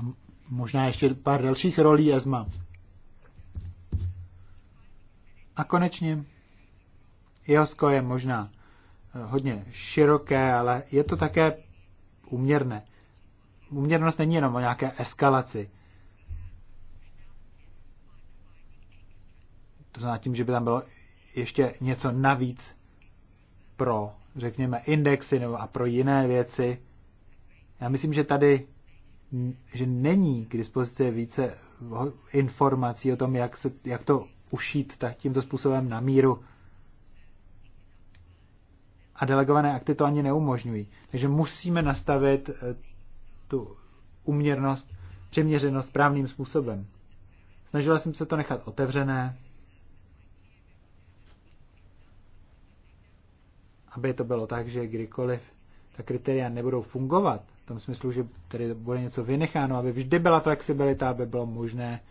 možná ještě pár dalších rolí ESMA. A konečně, IOSCO je možná eh, hodně široké, ale je to také uměrné. Uměrnost není jenom o nějaké eskalaci. To znamená tím, že by tam bylo ještě něco navíc pro, řekněme, indexy nebo a pro jiné věci. Já myslím, že tady že není k dispozici více informací o tom, jak, se, jak to ušít tak tímto způsobem na míru. A delegované akty to ani neumožňují. Takže musíme nastavit eh, tu uměrnost, přiměřenost správným způsobem. Snažila jsem se to nechat otevřené, aby to bylo tak, že kdykoliv ta kritéria nebudou fungovat, v tom smyslu, že tady bude něco vynecháno, aby vždy byla flexibilita, aby bylo možné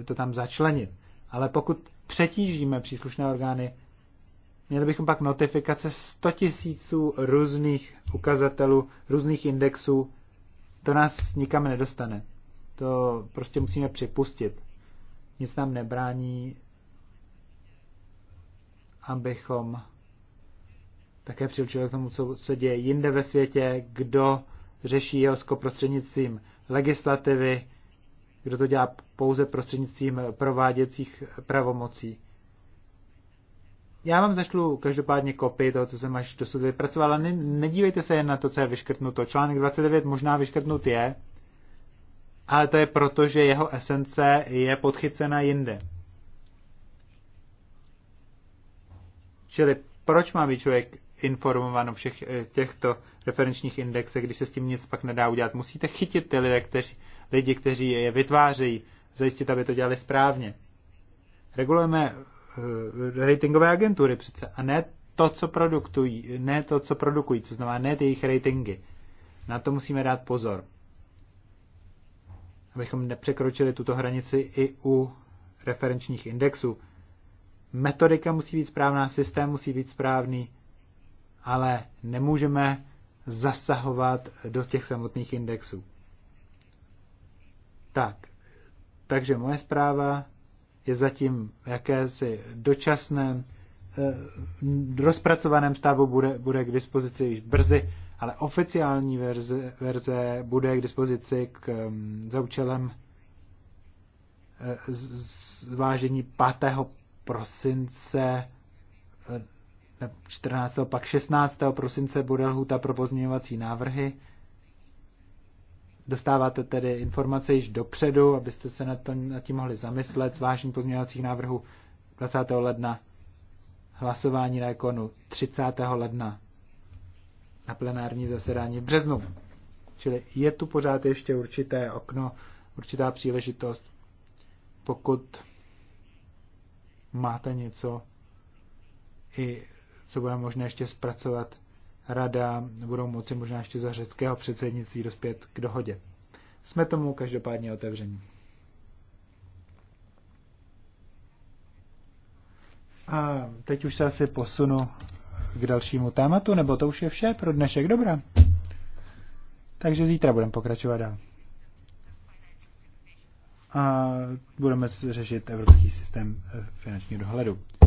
eh, to tam začlenit. Ale pokud přetížíme příslušné orgány, měli bychom pak notifikace 100 tisíců různých ukazatelů, různých indexů. To nás nikam nedostane. To prostě musíme připustit. Nic nám nebrání, abychom také přiučil k tomu, co se děje jinde ve světě, kdo řeší Jelsko prostřednictvím legislativy, kdo to dělá pouze prostřednictvím prováděcích pravomocí. Já vám zašlu každopádně kopii toho, co jsem až dosud vypracoval, ale nedívejte se jen na to, co je vyškrtnuto. Článek 29 možná vyškrtnut je, ale to je proto, že jeho esence je podchycena jinde. Čili proč má být člověk informován o všech eh, těchto referenčních indexech, když se s tím nic pak nedá udělat. Musíte chytit ty lidi, kteří, lidi, kteří je vytvářejí, zajistit, aby to dělali správně. Regulujeme eh, ratingové agentury přece a ne to, co produkují, ne to, co produkují, co znamená ne ty jejich ratingy. Na to musíme dát pozor. Abychom nepřekročili tuto hranici i u referenčních indexů. Metodika musí být správná, systém musí být správný, ale nemůžeme zasahovat do těch samotných indexů. Tak, takže moje zpráva je zatím jakési dočasném eh, rozpracovaném stavu bude, bude k dispozici již brzy, ale oficiální verze, verze bude k dispozici k, mm, za účelem eh, zvážení 5. prosince eh, 14. pak 16. prosince bude lhuta pro pozměňovací návrhy. Dostáváte tedy informace již dopředu, abyste se nad, to, nad tím mohli zamyslet. Zvážení pozměňovacích návrhů 20. ledna. Hlasování na ekonu 30. ledna. Na plenární zasedání v březnu. Čili je tu pořád ještě určité okno, určitá příležitost, pokud máte něco i co bude možné ještě zpracovat rada, budou moci možná ještě za řeckého předsednictví dospět k dohodě. Jsme tomu každopádně otevření. A teď už se asi posunu k dalšímu tématu, nebo to už je vše pro dnešek. Dobrá. Takže zítra budeme pokračovat dál. A budeme řešit evropský systém eh, finančního dohledu.